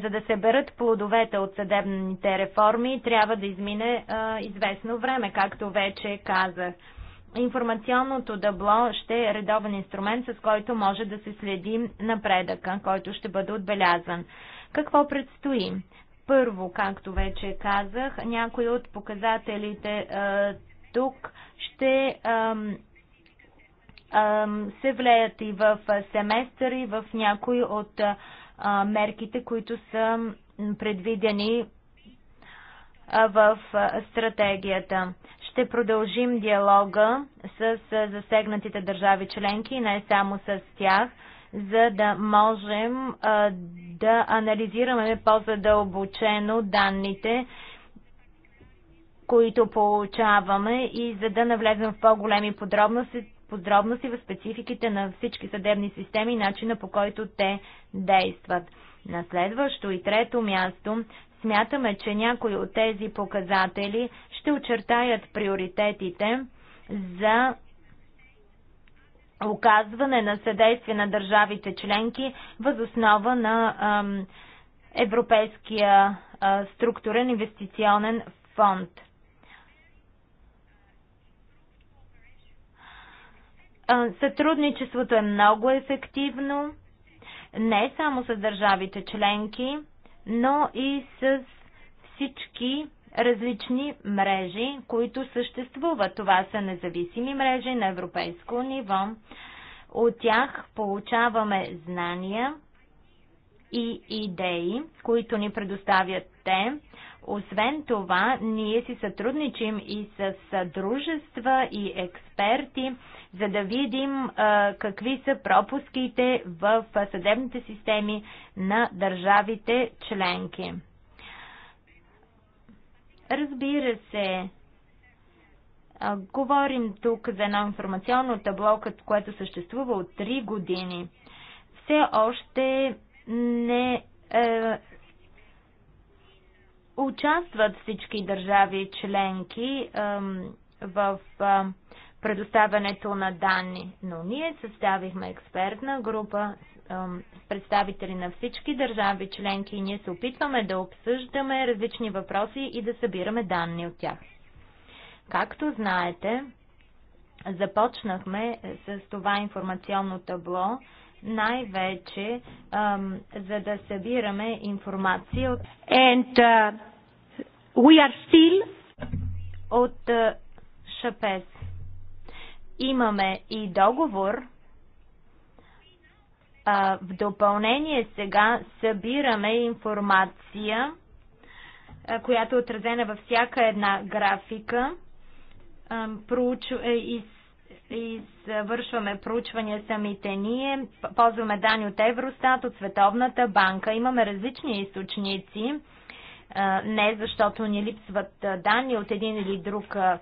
за да се берат плодовете от съдебните реформи, трябва да измине а, известно време, както вече казах. Информационното дъбло ще е редовен инструмент, с който може да се следи напредъка, който ще бъде отбелязан. Какво предстои? Първо, както вече казах, някои от показателите а, тук ще а, а, се влеят и в семестър, и в някои от а, мерките, които са предвидени в стратегията. Ще продължим диалога с засегнатите държави членки и не само с тях, за да можем да анализираме по-задълбочено данните, които получаваме и за да навлезем в по-големи подробности подробности в спецификите на всички съдебни системи и начина по който те действат. На следващо и трето място смятаме, че някои от тези показатели ще очертаят приоритетите за оказване на съдействие на държавите членки възоснова на ам, Европейския а, структурен инвестиционен фонд. Сътрудничеството е много ефективно, не само с държавите членки, но и с всички различни мрежи, които съществуват. Това са независими мрежи на европейско ниво. От тях получаваме знания и идеи, които ни предоставят те. Освен това, ние си сътрудничим и с дружества и експерти, за да видим а, какви са пропуските в съдебните системи на държавите членки. Разбира се, а, говорим тук за едно информационно табло, което съществува от 3 години. Все още не е, участват всички държави членки е, в е, предоставянето на данни. Но ние съставихме експертна група с представители на всички държави членки и ние се опитваме да обсъждаме различни въпроси и да събираме данни от тях. Както знаете, започнахме с това информационно табло, най-вече за да събираме информация от, And, uh, we are still... от uh, ШАПЕС имаме и договор. А, в допълнение сега събираме информация, а, която е отразена във всяка една графика. А, проучу, е, из, извършваме проучвания самите ние, ползваме данни от Евростат, от Световната банка. Имаме различни източници, не защото ни липсват данни от един или друг а,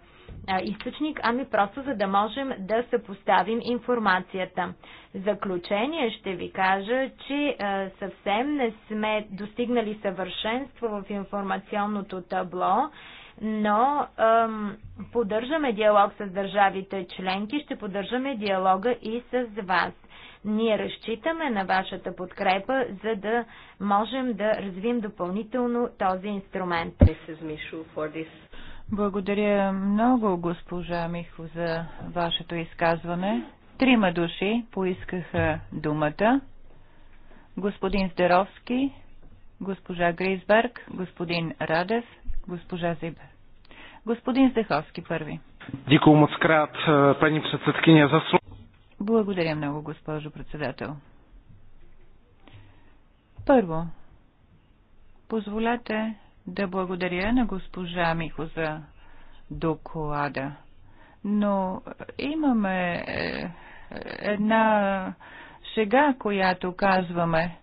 източник, ами просто за да можем да съпоставим информацията. Заключение ще ви кажа, че съвсем не сме достигнали съвършенство в информационното табло, но ем, поддържаме диалог с държавите членки, ще поддържаме диалога и с вас. Ние разчитаме на вашата подкрепа, за да можем да развием допълнително този инструмент. Благодаря много, госпожа Михо, за вашето изказване. Трима души поискаха думата. Господин Здеровски, госпожа Гризберг, господин Радев, госпожа Зибер. Господин Здеховски първи. Дико Муцкрат, е, пани председкиня за Благодаря много, госпожо председател. Първо, позволете да благодаря на госпожа Михо за доклада. Но е, имаме е, е, една шега, която казваме,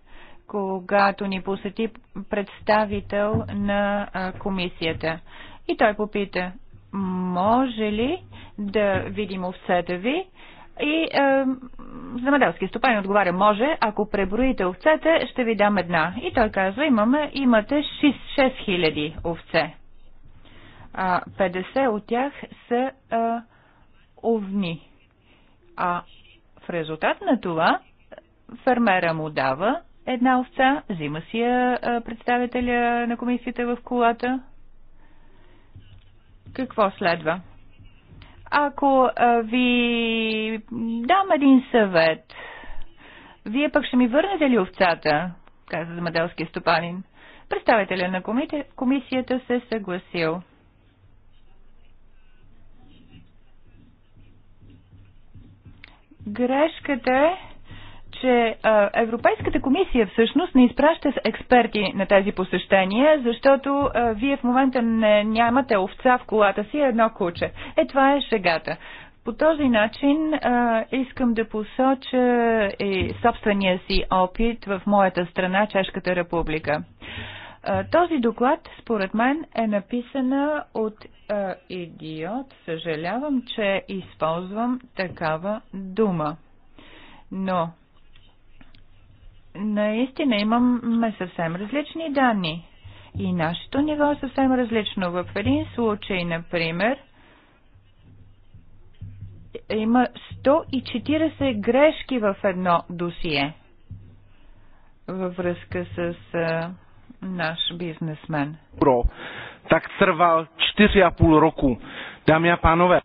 когато ни посети представител на комисията. И той попита, може ли да видим овцете ви? И е, земеделски стопанин отговаря, може, ако преброите овцете, ще ви дам една. И той казва, имаме, имате 6, 6000 овце. А 50 от тях са а, е, овни. А в резултат на това фермера му дава една овца, взима си я е, представителя на комисията в колата. Какво следва? Ако ви дам един съвет, вие пък ще ми върнете ли овцата? каза земеделски стопанин. Представителя на комисията се е съгласил. Грешката е, че а, Европейската комисия всъщност не изпраща експерти на тези посещения, защото а, вие в момента не, нямате овца в колата си, едно куче. Е, това е шегата. По този начин а, искам да посоча и собствения си опит в моята страна, Чешката република. А, този доклад, според мен, е написана от а, идиот. Съжалявам, че използвам такава дума. Но наистина имаме съвсем различни данни. И нашето ниво е съвсем различно. В един случай, например, има 140 грешки в едно досие във връзка с а, наш бизнесмен. Про, так трвал 4,5 року. Дами и панове.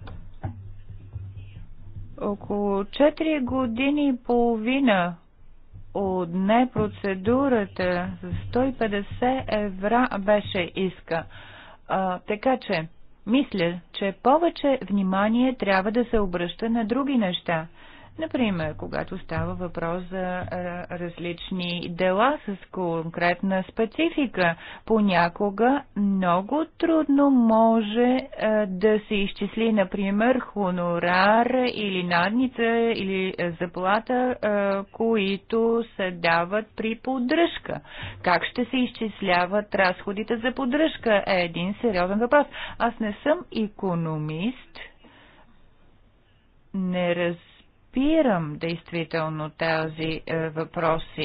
Около 4 години и половина отне процедурата за 150 евра беше иска. А, така че, мисля, че повече внимание трябва да се обръща на други неща. Например, когато става въпрос за различни дела с конкретна специфика, понякога много трудно може да се изчисли, например, хонорар или надница или заплата, които се дават при поддръжка. Как ще се изчисляват разходите за поддръжка е един сериозен въпрос. Аз не съм економист, не разбирам разбирам действително тези е, въпроси.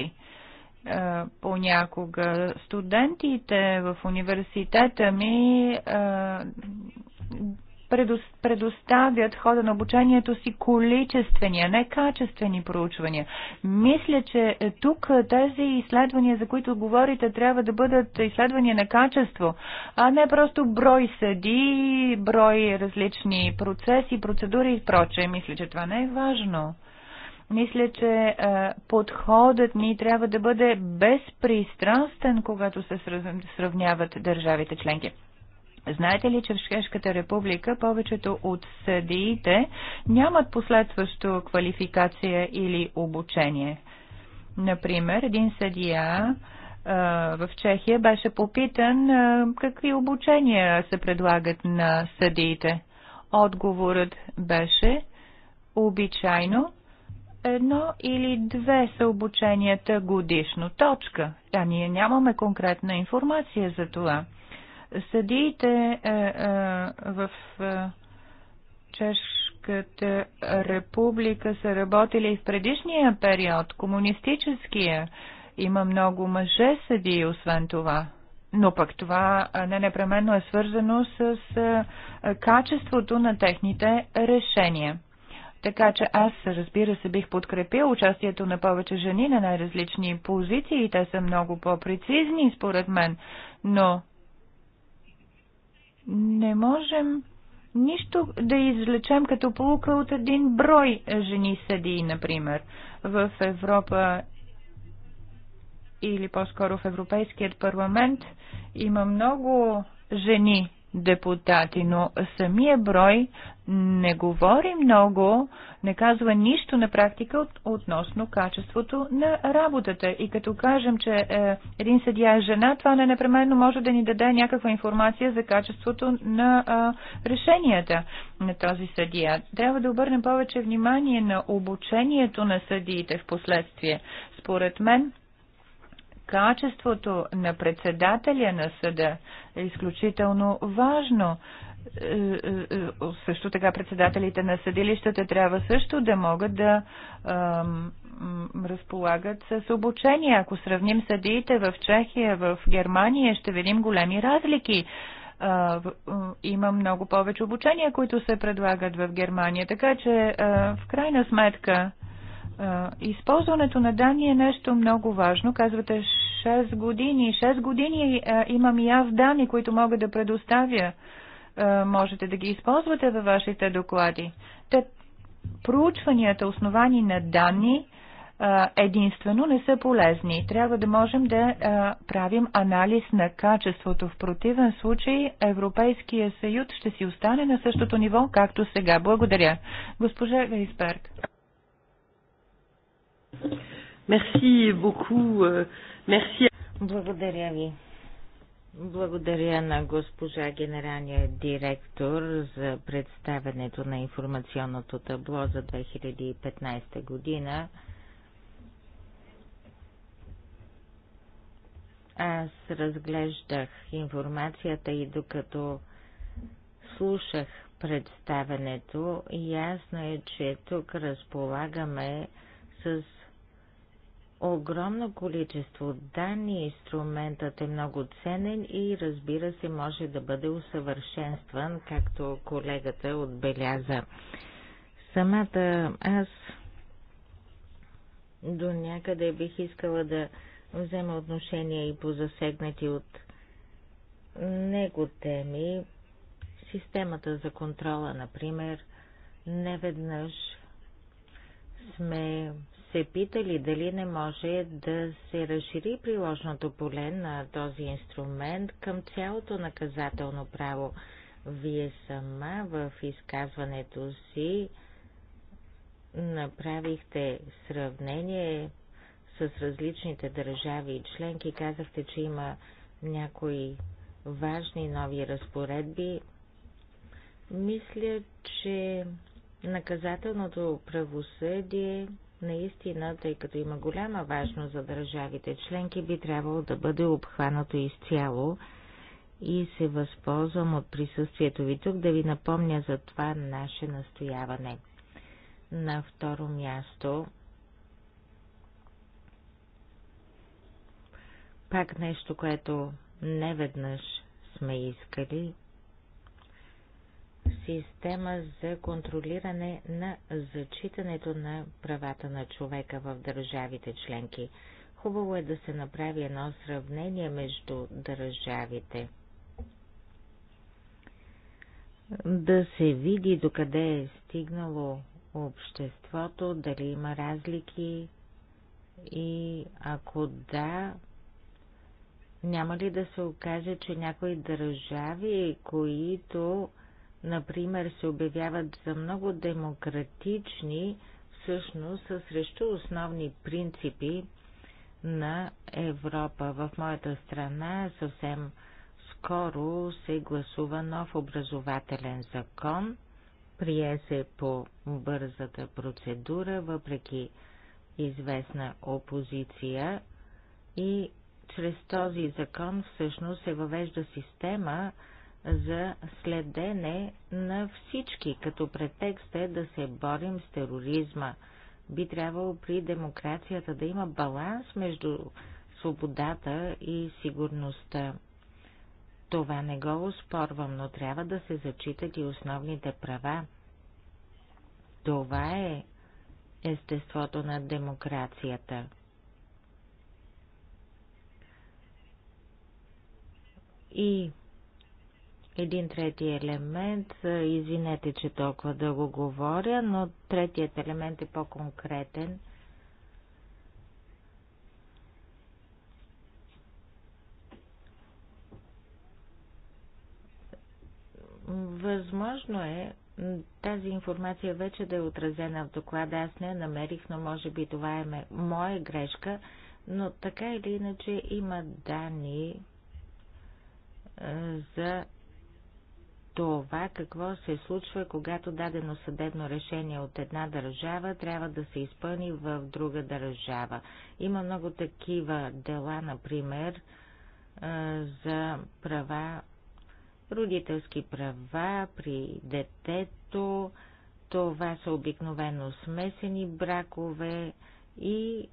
Е, понякога студентите в университета ми е, предоставят хода на обучението си количествения, не качествени проучвания. Мисля, че е, тук е, тези изследвания, за които говорите, трябва да бъдат изследвания на качество, а не просто брой съди, брой различни процеси, процедури и прочее. Мисля, че това не е важно. Мисля, че е, подходът ни трябва да бъде безпристрастен, когато се сравняват държавите членки. Знаете ли, че в Шкешката република повечето от съдиите нямат последващо квалификация или обучение? Например, един съдия в Чехия беше попитан какви обучения се предлагат на съдиите. Отговорът беше обичайно едно или две са обученията годишно. Точка. А ние нямаме конкретна информация за това. Съдиите е, е, в е, Чешката република са работили и в предишния период, комунистическия. Има много мъже съдии, освен това. Но пък това не непременно е свързано с качеството на техните решения. Така че аз, разбира се, бих подкрепил участието на повече жени на най-различни позиции и те са много по-прецизни, според мен. Но не можем нищо да извлечем като полука от един брой жени съдии, например. В Европа или по-скоро в Европейският парламент има много жени депутати, но самия брой не говори много, не казва нищо на практика от, относно качеството на работата. И като кажем, че е, един съдия е жена, това не непременно може да ни даде някаква информация за качеството на е, решенията на този съдия. Трябва да обърнем повече внимание на обучението на съдиите в последствие. Според мен, качеството на председателя на съда е изключително важно. Е, е, е, също така председателите на съдилищата трябва също да могат да разполагат с обучение. Ако сравним съдиите в Чехия, в Германия, ще видим големи разлики има много повече обучения, които се предлагат в Германия. Така че, в крайна сметка, Използването на данни е нещо много важно. Казвате 6 години. 6 години имам и аз данни, които мога да предоставя. Можете да ги използвате във вашите доклади. Те проучванията, основани на данни, единствено не са полезни. Трябва да можем да правим анализ на качеството. В противен случай Европейския съюз ще си остане на същото ниво, както сега. Благодаря. Госпожа Гейсберг. Merci beaucoup. Euh, merci. Благодаря ви. Благодаря на госпожа генералния директор за представенето на информационното табло за 2015 година. Аз разглеждах информацията и докато слушах представенето, ясно е, че тук разполагаме с огромно количество данни, инструментът е много ценен и разбира се може да бъде усъвършенстван, както колегата отбеляза. Самата аз до някъде бих искала да взема отношение и по засегнати от него теми. Системата за контрола, например, неведнъж сме се питали дали не може да се разшири приложното поле на този инструмент към цялото наказателно право. Вие сама в изказването си направихте сравнение с различните държави и членки. Казахте, че има някои важни нови разпоредби. Мисля, че наказателното правосъдие наистина, тъй като има голяма важност за държавите членки, би трябвало да бъде обхванато изцяло и се възползвам от присъствието ви тук да ви напомня за това наше настояване. На второ място, пак нещо, което неведнъж сме искали система за контролиране на зачитането на правата на човека в държавите членки. Хубаво е да се направи едно сравнение между държавите. Да се види докъде е стигнало обществото, дали има разлики и ако да, няма ли да се окаже, че някои държави, които например, се обявяват за много демократични, всъщност са срещу основни принципи на Европа. В моята страна съвсем скоро се гласува нов образователен закон. Прие се по бързата процедура, въпреки известна опозиция и чрез този закон всъщност се въвежда система, за следене на всички, като претекст е да се борим с тероризма. Би трябвало при демокрацията да има баланс между свободата и сигурността. Това не го оспорвам, но трябва да се зачитат и основните права. Това е естеството на демокрацията. И един трети елемент, извинете, че толкова дълго говоря, но третият елемент е по-конкретен. Възможно е тази информация вече да е отразена в доклада. Аз не я намерих, но може би това е моя грешка. Но така или иначе има данни за това какво се случва, когато дадено съдебно решение от една държава трябва да се изпълни в друга държава. Има много такива дела, например, за права, родителски права при детето. Това са обикновено смесени бракове и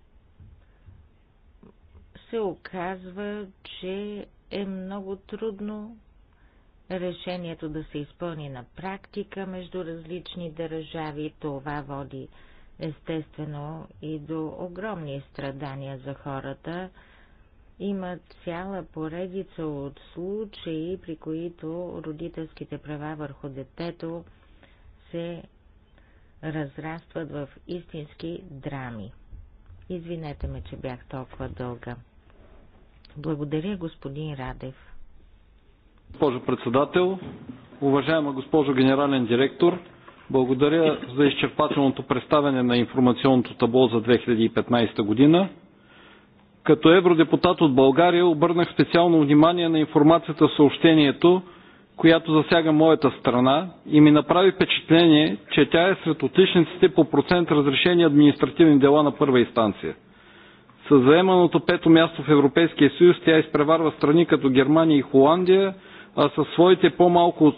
се оказва, че е много трудно решението да се изпълни на практика между различни държави, това води естествено и до огромни страдания за хората. Има цяла поредица от случаи, при които родителските права върху детето се разрастват в истински драми. Извинете ме, че бях толкова дълга. Благодаря, господин Радев. Госпожо председател, уважаема госпожо генерален директор, благодаря за изчерпателното представяне на информационното табло за 2015 година. Като евродепутат от България обърнах специално внимание на информацията в съобщението, която засяга моята страна и ми направи впечатление, че тя е сред отличниците по процент разрешени административни дела на първа инстанция. С заеманото пето място в Европейския съюз тя изпреварва страни като Германия и Холандия – а със своите по-малко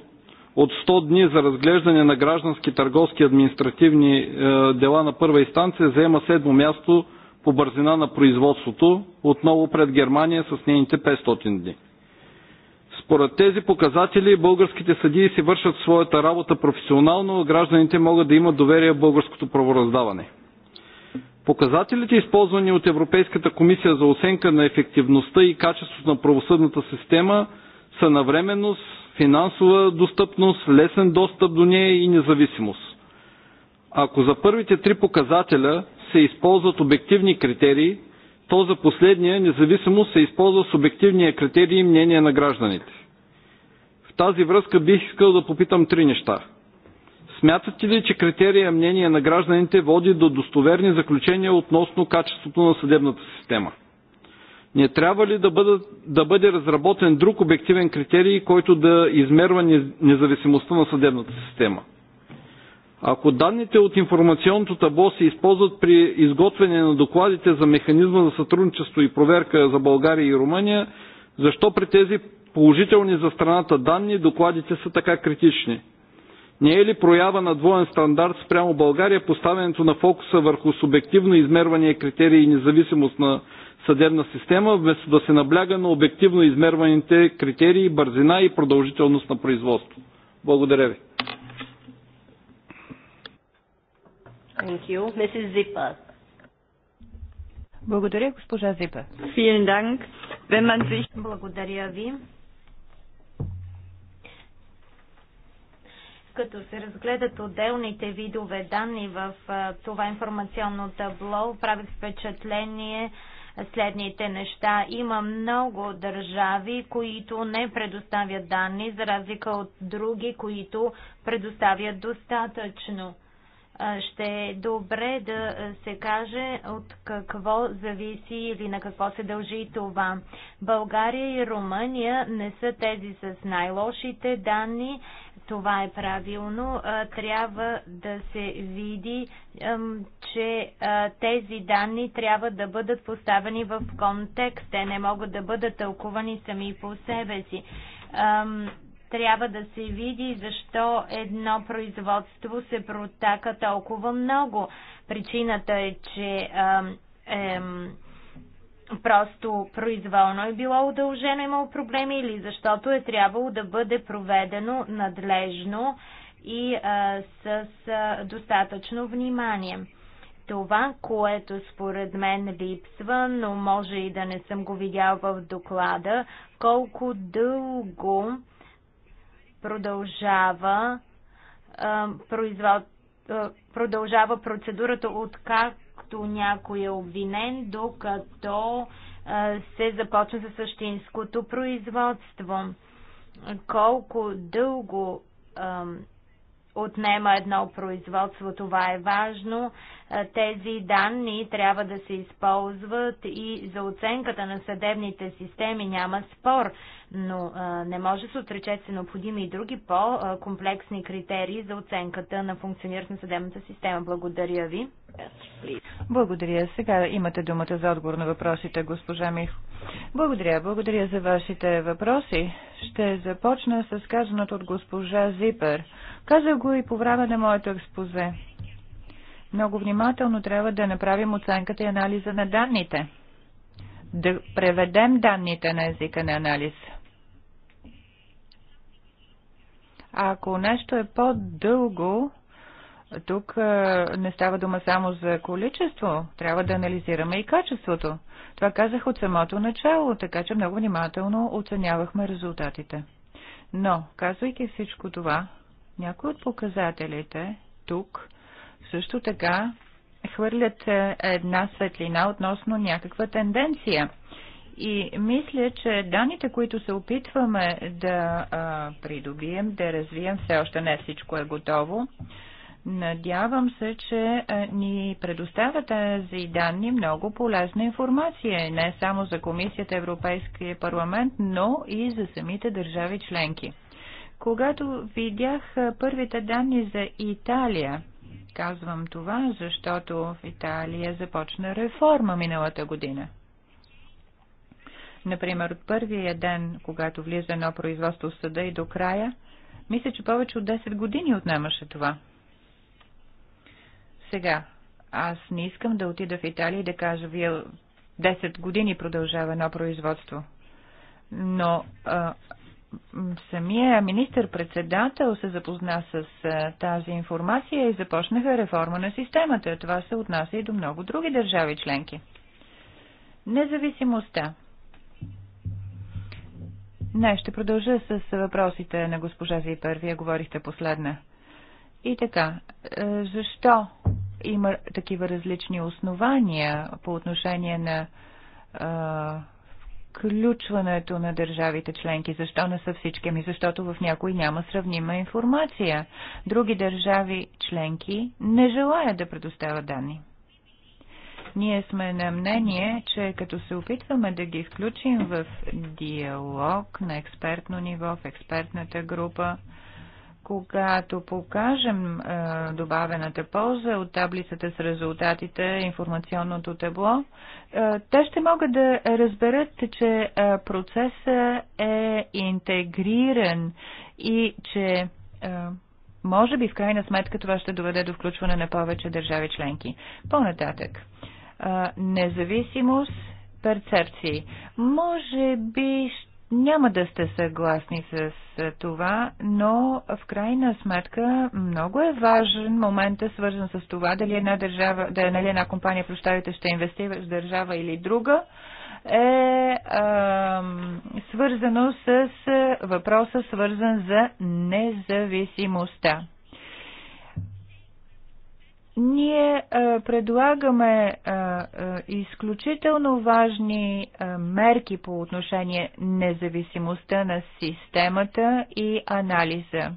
от 100 дни за разглеждане на граждански, търговски, административни е, дела на първа инстанция заема седмо място по бързина на производството, отново пред Германия с нейните 500 дни. Според тези показатели българските съдии си вършат своята работа професионално, а гражданите могат да имат доверие в българското правораздаване. Показателите, използвани от Европейската комисия за оценка на ефективността и качеството на правосъдната система – сънавременност, финансова достъпност, лесен достъп до нея и независимост. Ако за първите три показателя се използват обективни критерии, то за последния независимост се използва субективния критерий и мнение на гражданите. В тази връзка бих искал да попитам три неща. Смятате ли, че критерия мнение на гражданите води до достоверни заключения относно качеството на съдебната система? Не трябва ли да, бъдат, да бъде разработен друг обективен критерий, който да измерва независимостта на съдебната система? Ако данните от информационното табло се използват при изготвяне на докладите за механизма за сътрудничество и проверка за България и Румъния, защо при тези положителни за страната данни докладите са така критични? Не е ли проява на двоен стандарт спрямо България поставянето на фокуса върху субективно измерване критерии и независимост на съдебна система, вместо да се набляга на обективно измерваните критерии, бързина и продължителност на производство. Благодаря ви. Thank you. Mrs. Благодаря, госпожа Зипа. Благодаря ви. Като се разгледат отделните видове данни в това информационно табло, правих впечатление, следните неща. Има много държави, които не предоставят данни, за разлика от други, които предоставят достатъчно. Ще е добре да се каже от какво зависи или на какво се дължи това. България и Румъния не са тези с най-лошите данни, това е правилно. Трябва да се види, че тези данни трябва да бъдат поставени в контекст. Те не могат да бъдат тълкувани сами по себе си. Трябва да се види защо едно производство се протака толкова много. Причината е, че просто произволно е било удължено, имало проблеми или защото е трябвало да бъде проведено надлежно и а, с а, достатъчно внимание. Това, което според мен липсва, но може и да не съм го видял в доклада, колко дълго продължава а, производ, а, продължава процедурата, как докато някой е обвинен, докато се започва със същинското производство. Колко дълго отнема едно производство, това е важно. Тези данни трябва да се използват и за оценката на съдебните системи няма спор, но не може да се отрече, че необходими и други по-комплексни критерии за оценката на функционирането на съдебната система. Благодаря ви. Благодаря. Сега имате думата за отговор на въпросите, госпожа Мих. Благодаря. Благодаря за вашите въпроси. Ще започна с казаното от госпожа Зипер. Казах го и по време на моето експозе. Много внимателно трябва да направим оценката и анализа на данните. Да преведем данните на езика на анализ. А ако нещо е по-дълго, тук не става дума само за количество, трябва да анализираме и качеството. Това казах от самото начало, така че много внимателно оценявахме резултатите. Но, казвайки всичко това, някои от показателите тук също така хвърлят е, една светлина относно някаква тенденция. И мисля, че данните, които се опитваме да а, придобием, да развием, все още не всичко е готово. Надявам се, че ни предоставя тези данни много полезна информация, не само за Комисията Европейския парламент, но и за самите държави членки. Когато видях първите данни за Италия, Казвам това, защото в Италия започна реформа миналата година. Например, от първия ден, когато влиза едно производство в съда и до края, мисля, че повече от 10 години отнемаше това. Сега, аз не искам да отида в Италия и да кажа, вие 10 години продължава едно производство. Но а, самия министр-председател се запозна с тази информация и започнаха реформа на системата. Това се отнася и до много други държави членки. Независимостта. Не, ще продължа с въпросите на госпожа Зипер. Вие говорихте последна. И така, е, защо има такива различни основания по отношение на е, включването на държавите членки. Защо не са всички? Ами защото в някои няма сравнима информация. Други държави членки не желаят да предоставят данни. Ние сме на мнение, че като се опитваме да ги включим в диалог на експертно ниво, в експертната група, когато покажем е, добавената полза от таблицата с резултатите, информационното табло, е, те ще могат да разберат, че е, процесът е интегриран и че може би в крайна сметка това ще доведе до включване на повече държави членки. По-нататък. Независимост, перцепции. Може би няма да сте съгласни с това, но в крайна сметка много е важен е свързан с това дали една държава, да, нали една компания, прощавайте, ще инвестира в държава или друга, е а, свързано с въпроса, свързан за независимостта. Ние а, е, предлагаме а, е, а, е, изключително важни а, мерки по отношение независимостта на системата и анализа.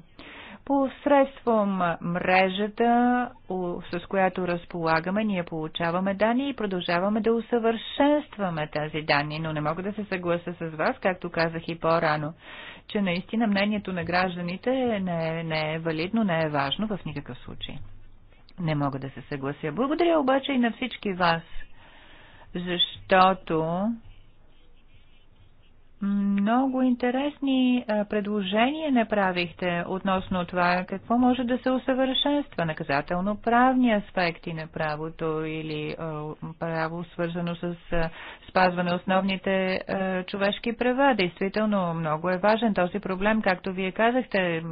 Посредством мрежата, с която разполагаме, ние получаваме данни и продължаваме да усъвършенстваме тези данни, но не мога да се съглася с вас, както казах и по-рано, че наистина мнението на гражданите не е, не е валидно, не е важно в никакъв случай не мога да се съглася. Благодаря обаче и на всички вас, защото много интересни предложения направихте относно това какво може да се усъвършенства наказателно-правни аспекти на правото или право свързано с спазване основните човешки права. Действително много е важен този проблем, както вие казахте.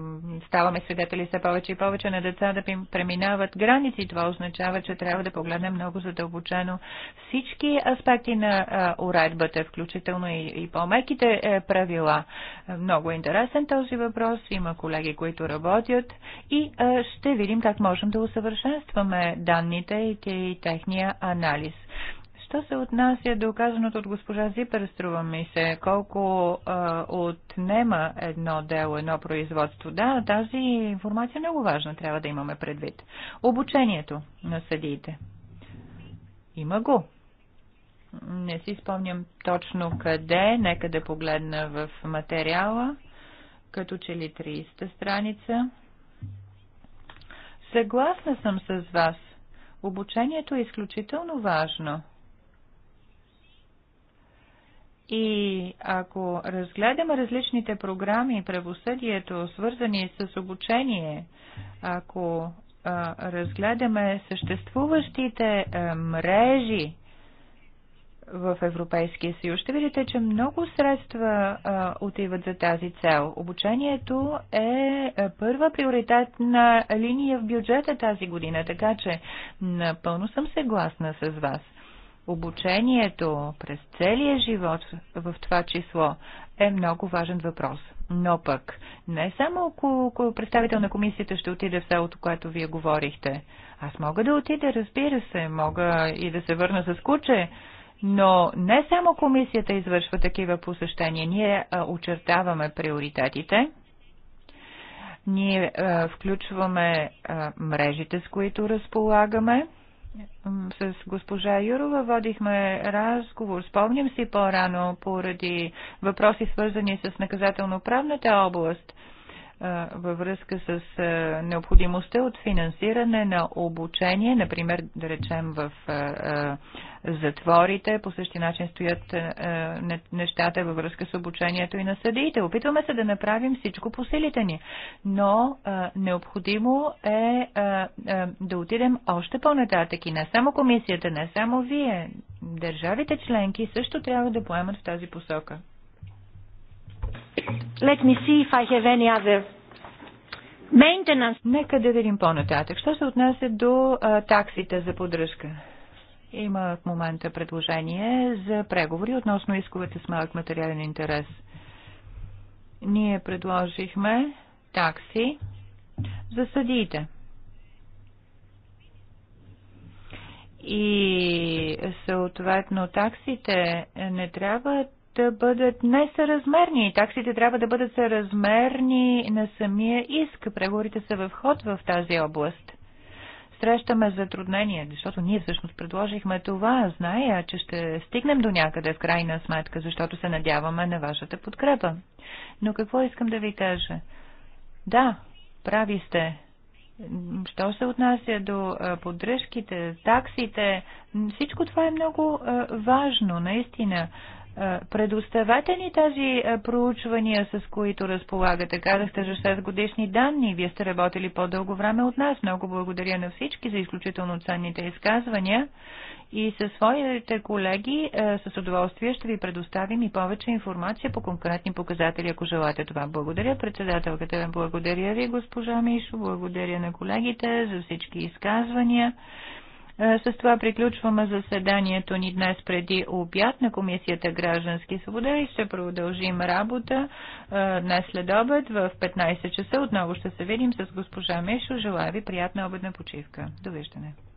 Ставаме свидетели все повече и повече на деца да преминават граници. Това означава, че трябва да погледнем много задълбочено всички аспекти на уредбата, включително и, и по-меките общностните е, правила. Много е интересен този въпрос. Има колеги, които работят и е, ще видим как можем да усъвършенстваме данните и техния анализ. Що се отнася до казаното от госпожа Зипер, струва ми се, колко а, е, отнема едно дело, едно производство. Да, тази информация е много важна, трябва да имаме предвид. Обучението на съдиите. Има го. Не си спомням точно къде, нека да погледна в материала, като че ли 30-та страница. Съгласна съм с вас. Обучението е изключително важно. И ако разгледаме различните програми и правосъдието, свързани с обучение, ако а, разгледаме съществуващите а, мрежи в Европейския съюз. Ще видите, че много средства а, отиват за тази цел. Обучението е, е първа приоритетна линия в бюджета тази година, така че напълно съм съгласна с вас. Обучението през целия живот в това число е много важен въпрос. Но пък, не само ако, ако представител на комисията ще отиде в селото, което вие говорихте. Аз мога да отида, разбира се, мога и да се върна с куче, но не само комисията извършва такива посещения, ние а, очертаваме приоритетите, ние а, включваме а, мрежите, с които разполагаме. С госпожа Юрова водихме разговор, спомням си по-рано, поради въпроси свързани с наказателно-правната област – във връзка с необходимостта от финансиране на обучение, например, да речем в затворите. По същия начин стоят нещата във връзка с обучението и на съдиите. Опитваме се да направим всичко по силите ни, но необходимо е да отидем още по-нататък и не само комисията, не само вие. Държавите членки също трябва да поемат в тази посока. Let me see if I have any other maintenance. Нека да видим по-нататък. Що се отнася до а, таксите за поддръжка? Има в момента предложение за преговори относно исковете с малък материален интерес. Ние предложихме такси за съдиите. И съответно таксите не трябва да бъдат несъразмерни. Таксите трябва да бъдат съразмерни на самия иск. Преговорите са в ход в тази област. Срещаме затруднения, защото ние всъщност предложихме това, зная, че ще стигнем до някъде в крайна сметка, защото се надяваме на вашата подкрепа. Но какво искам да ви кажа? Да, прави сте. Що се отнася до поддръжките, таксите, всичко това е много важно, наистина. Е, предоставете ни тези е, проучвания, с които разполагате. Казахте за 6 годишни данни. Вие сте работили по-дълго време от нас. Много благодаря на всички за изключително ценните изказвания. И със своите колеги е, с удоволствие ще ви предоставим и повече информация по конкретни показатели, ако желаете това. Благодаря председателката. Благодаря ви, госпожа Мишо. Благодаря на колегите за всички изказвания. Е, с това приключваме заседанието ни днес преди обяд на Комисията граждански свобода и ще продължим работа е, днес след обед в 15 часа. Отново ще се видим с госпожа Мишо. Желая ви приятна обедна почивка. Довиждане.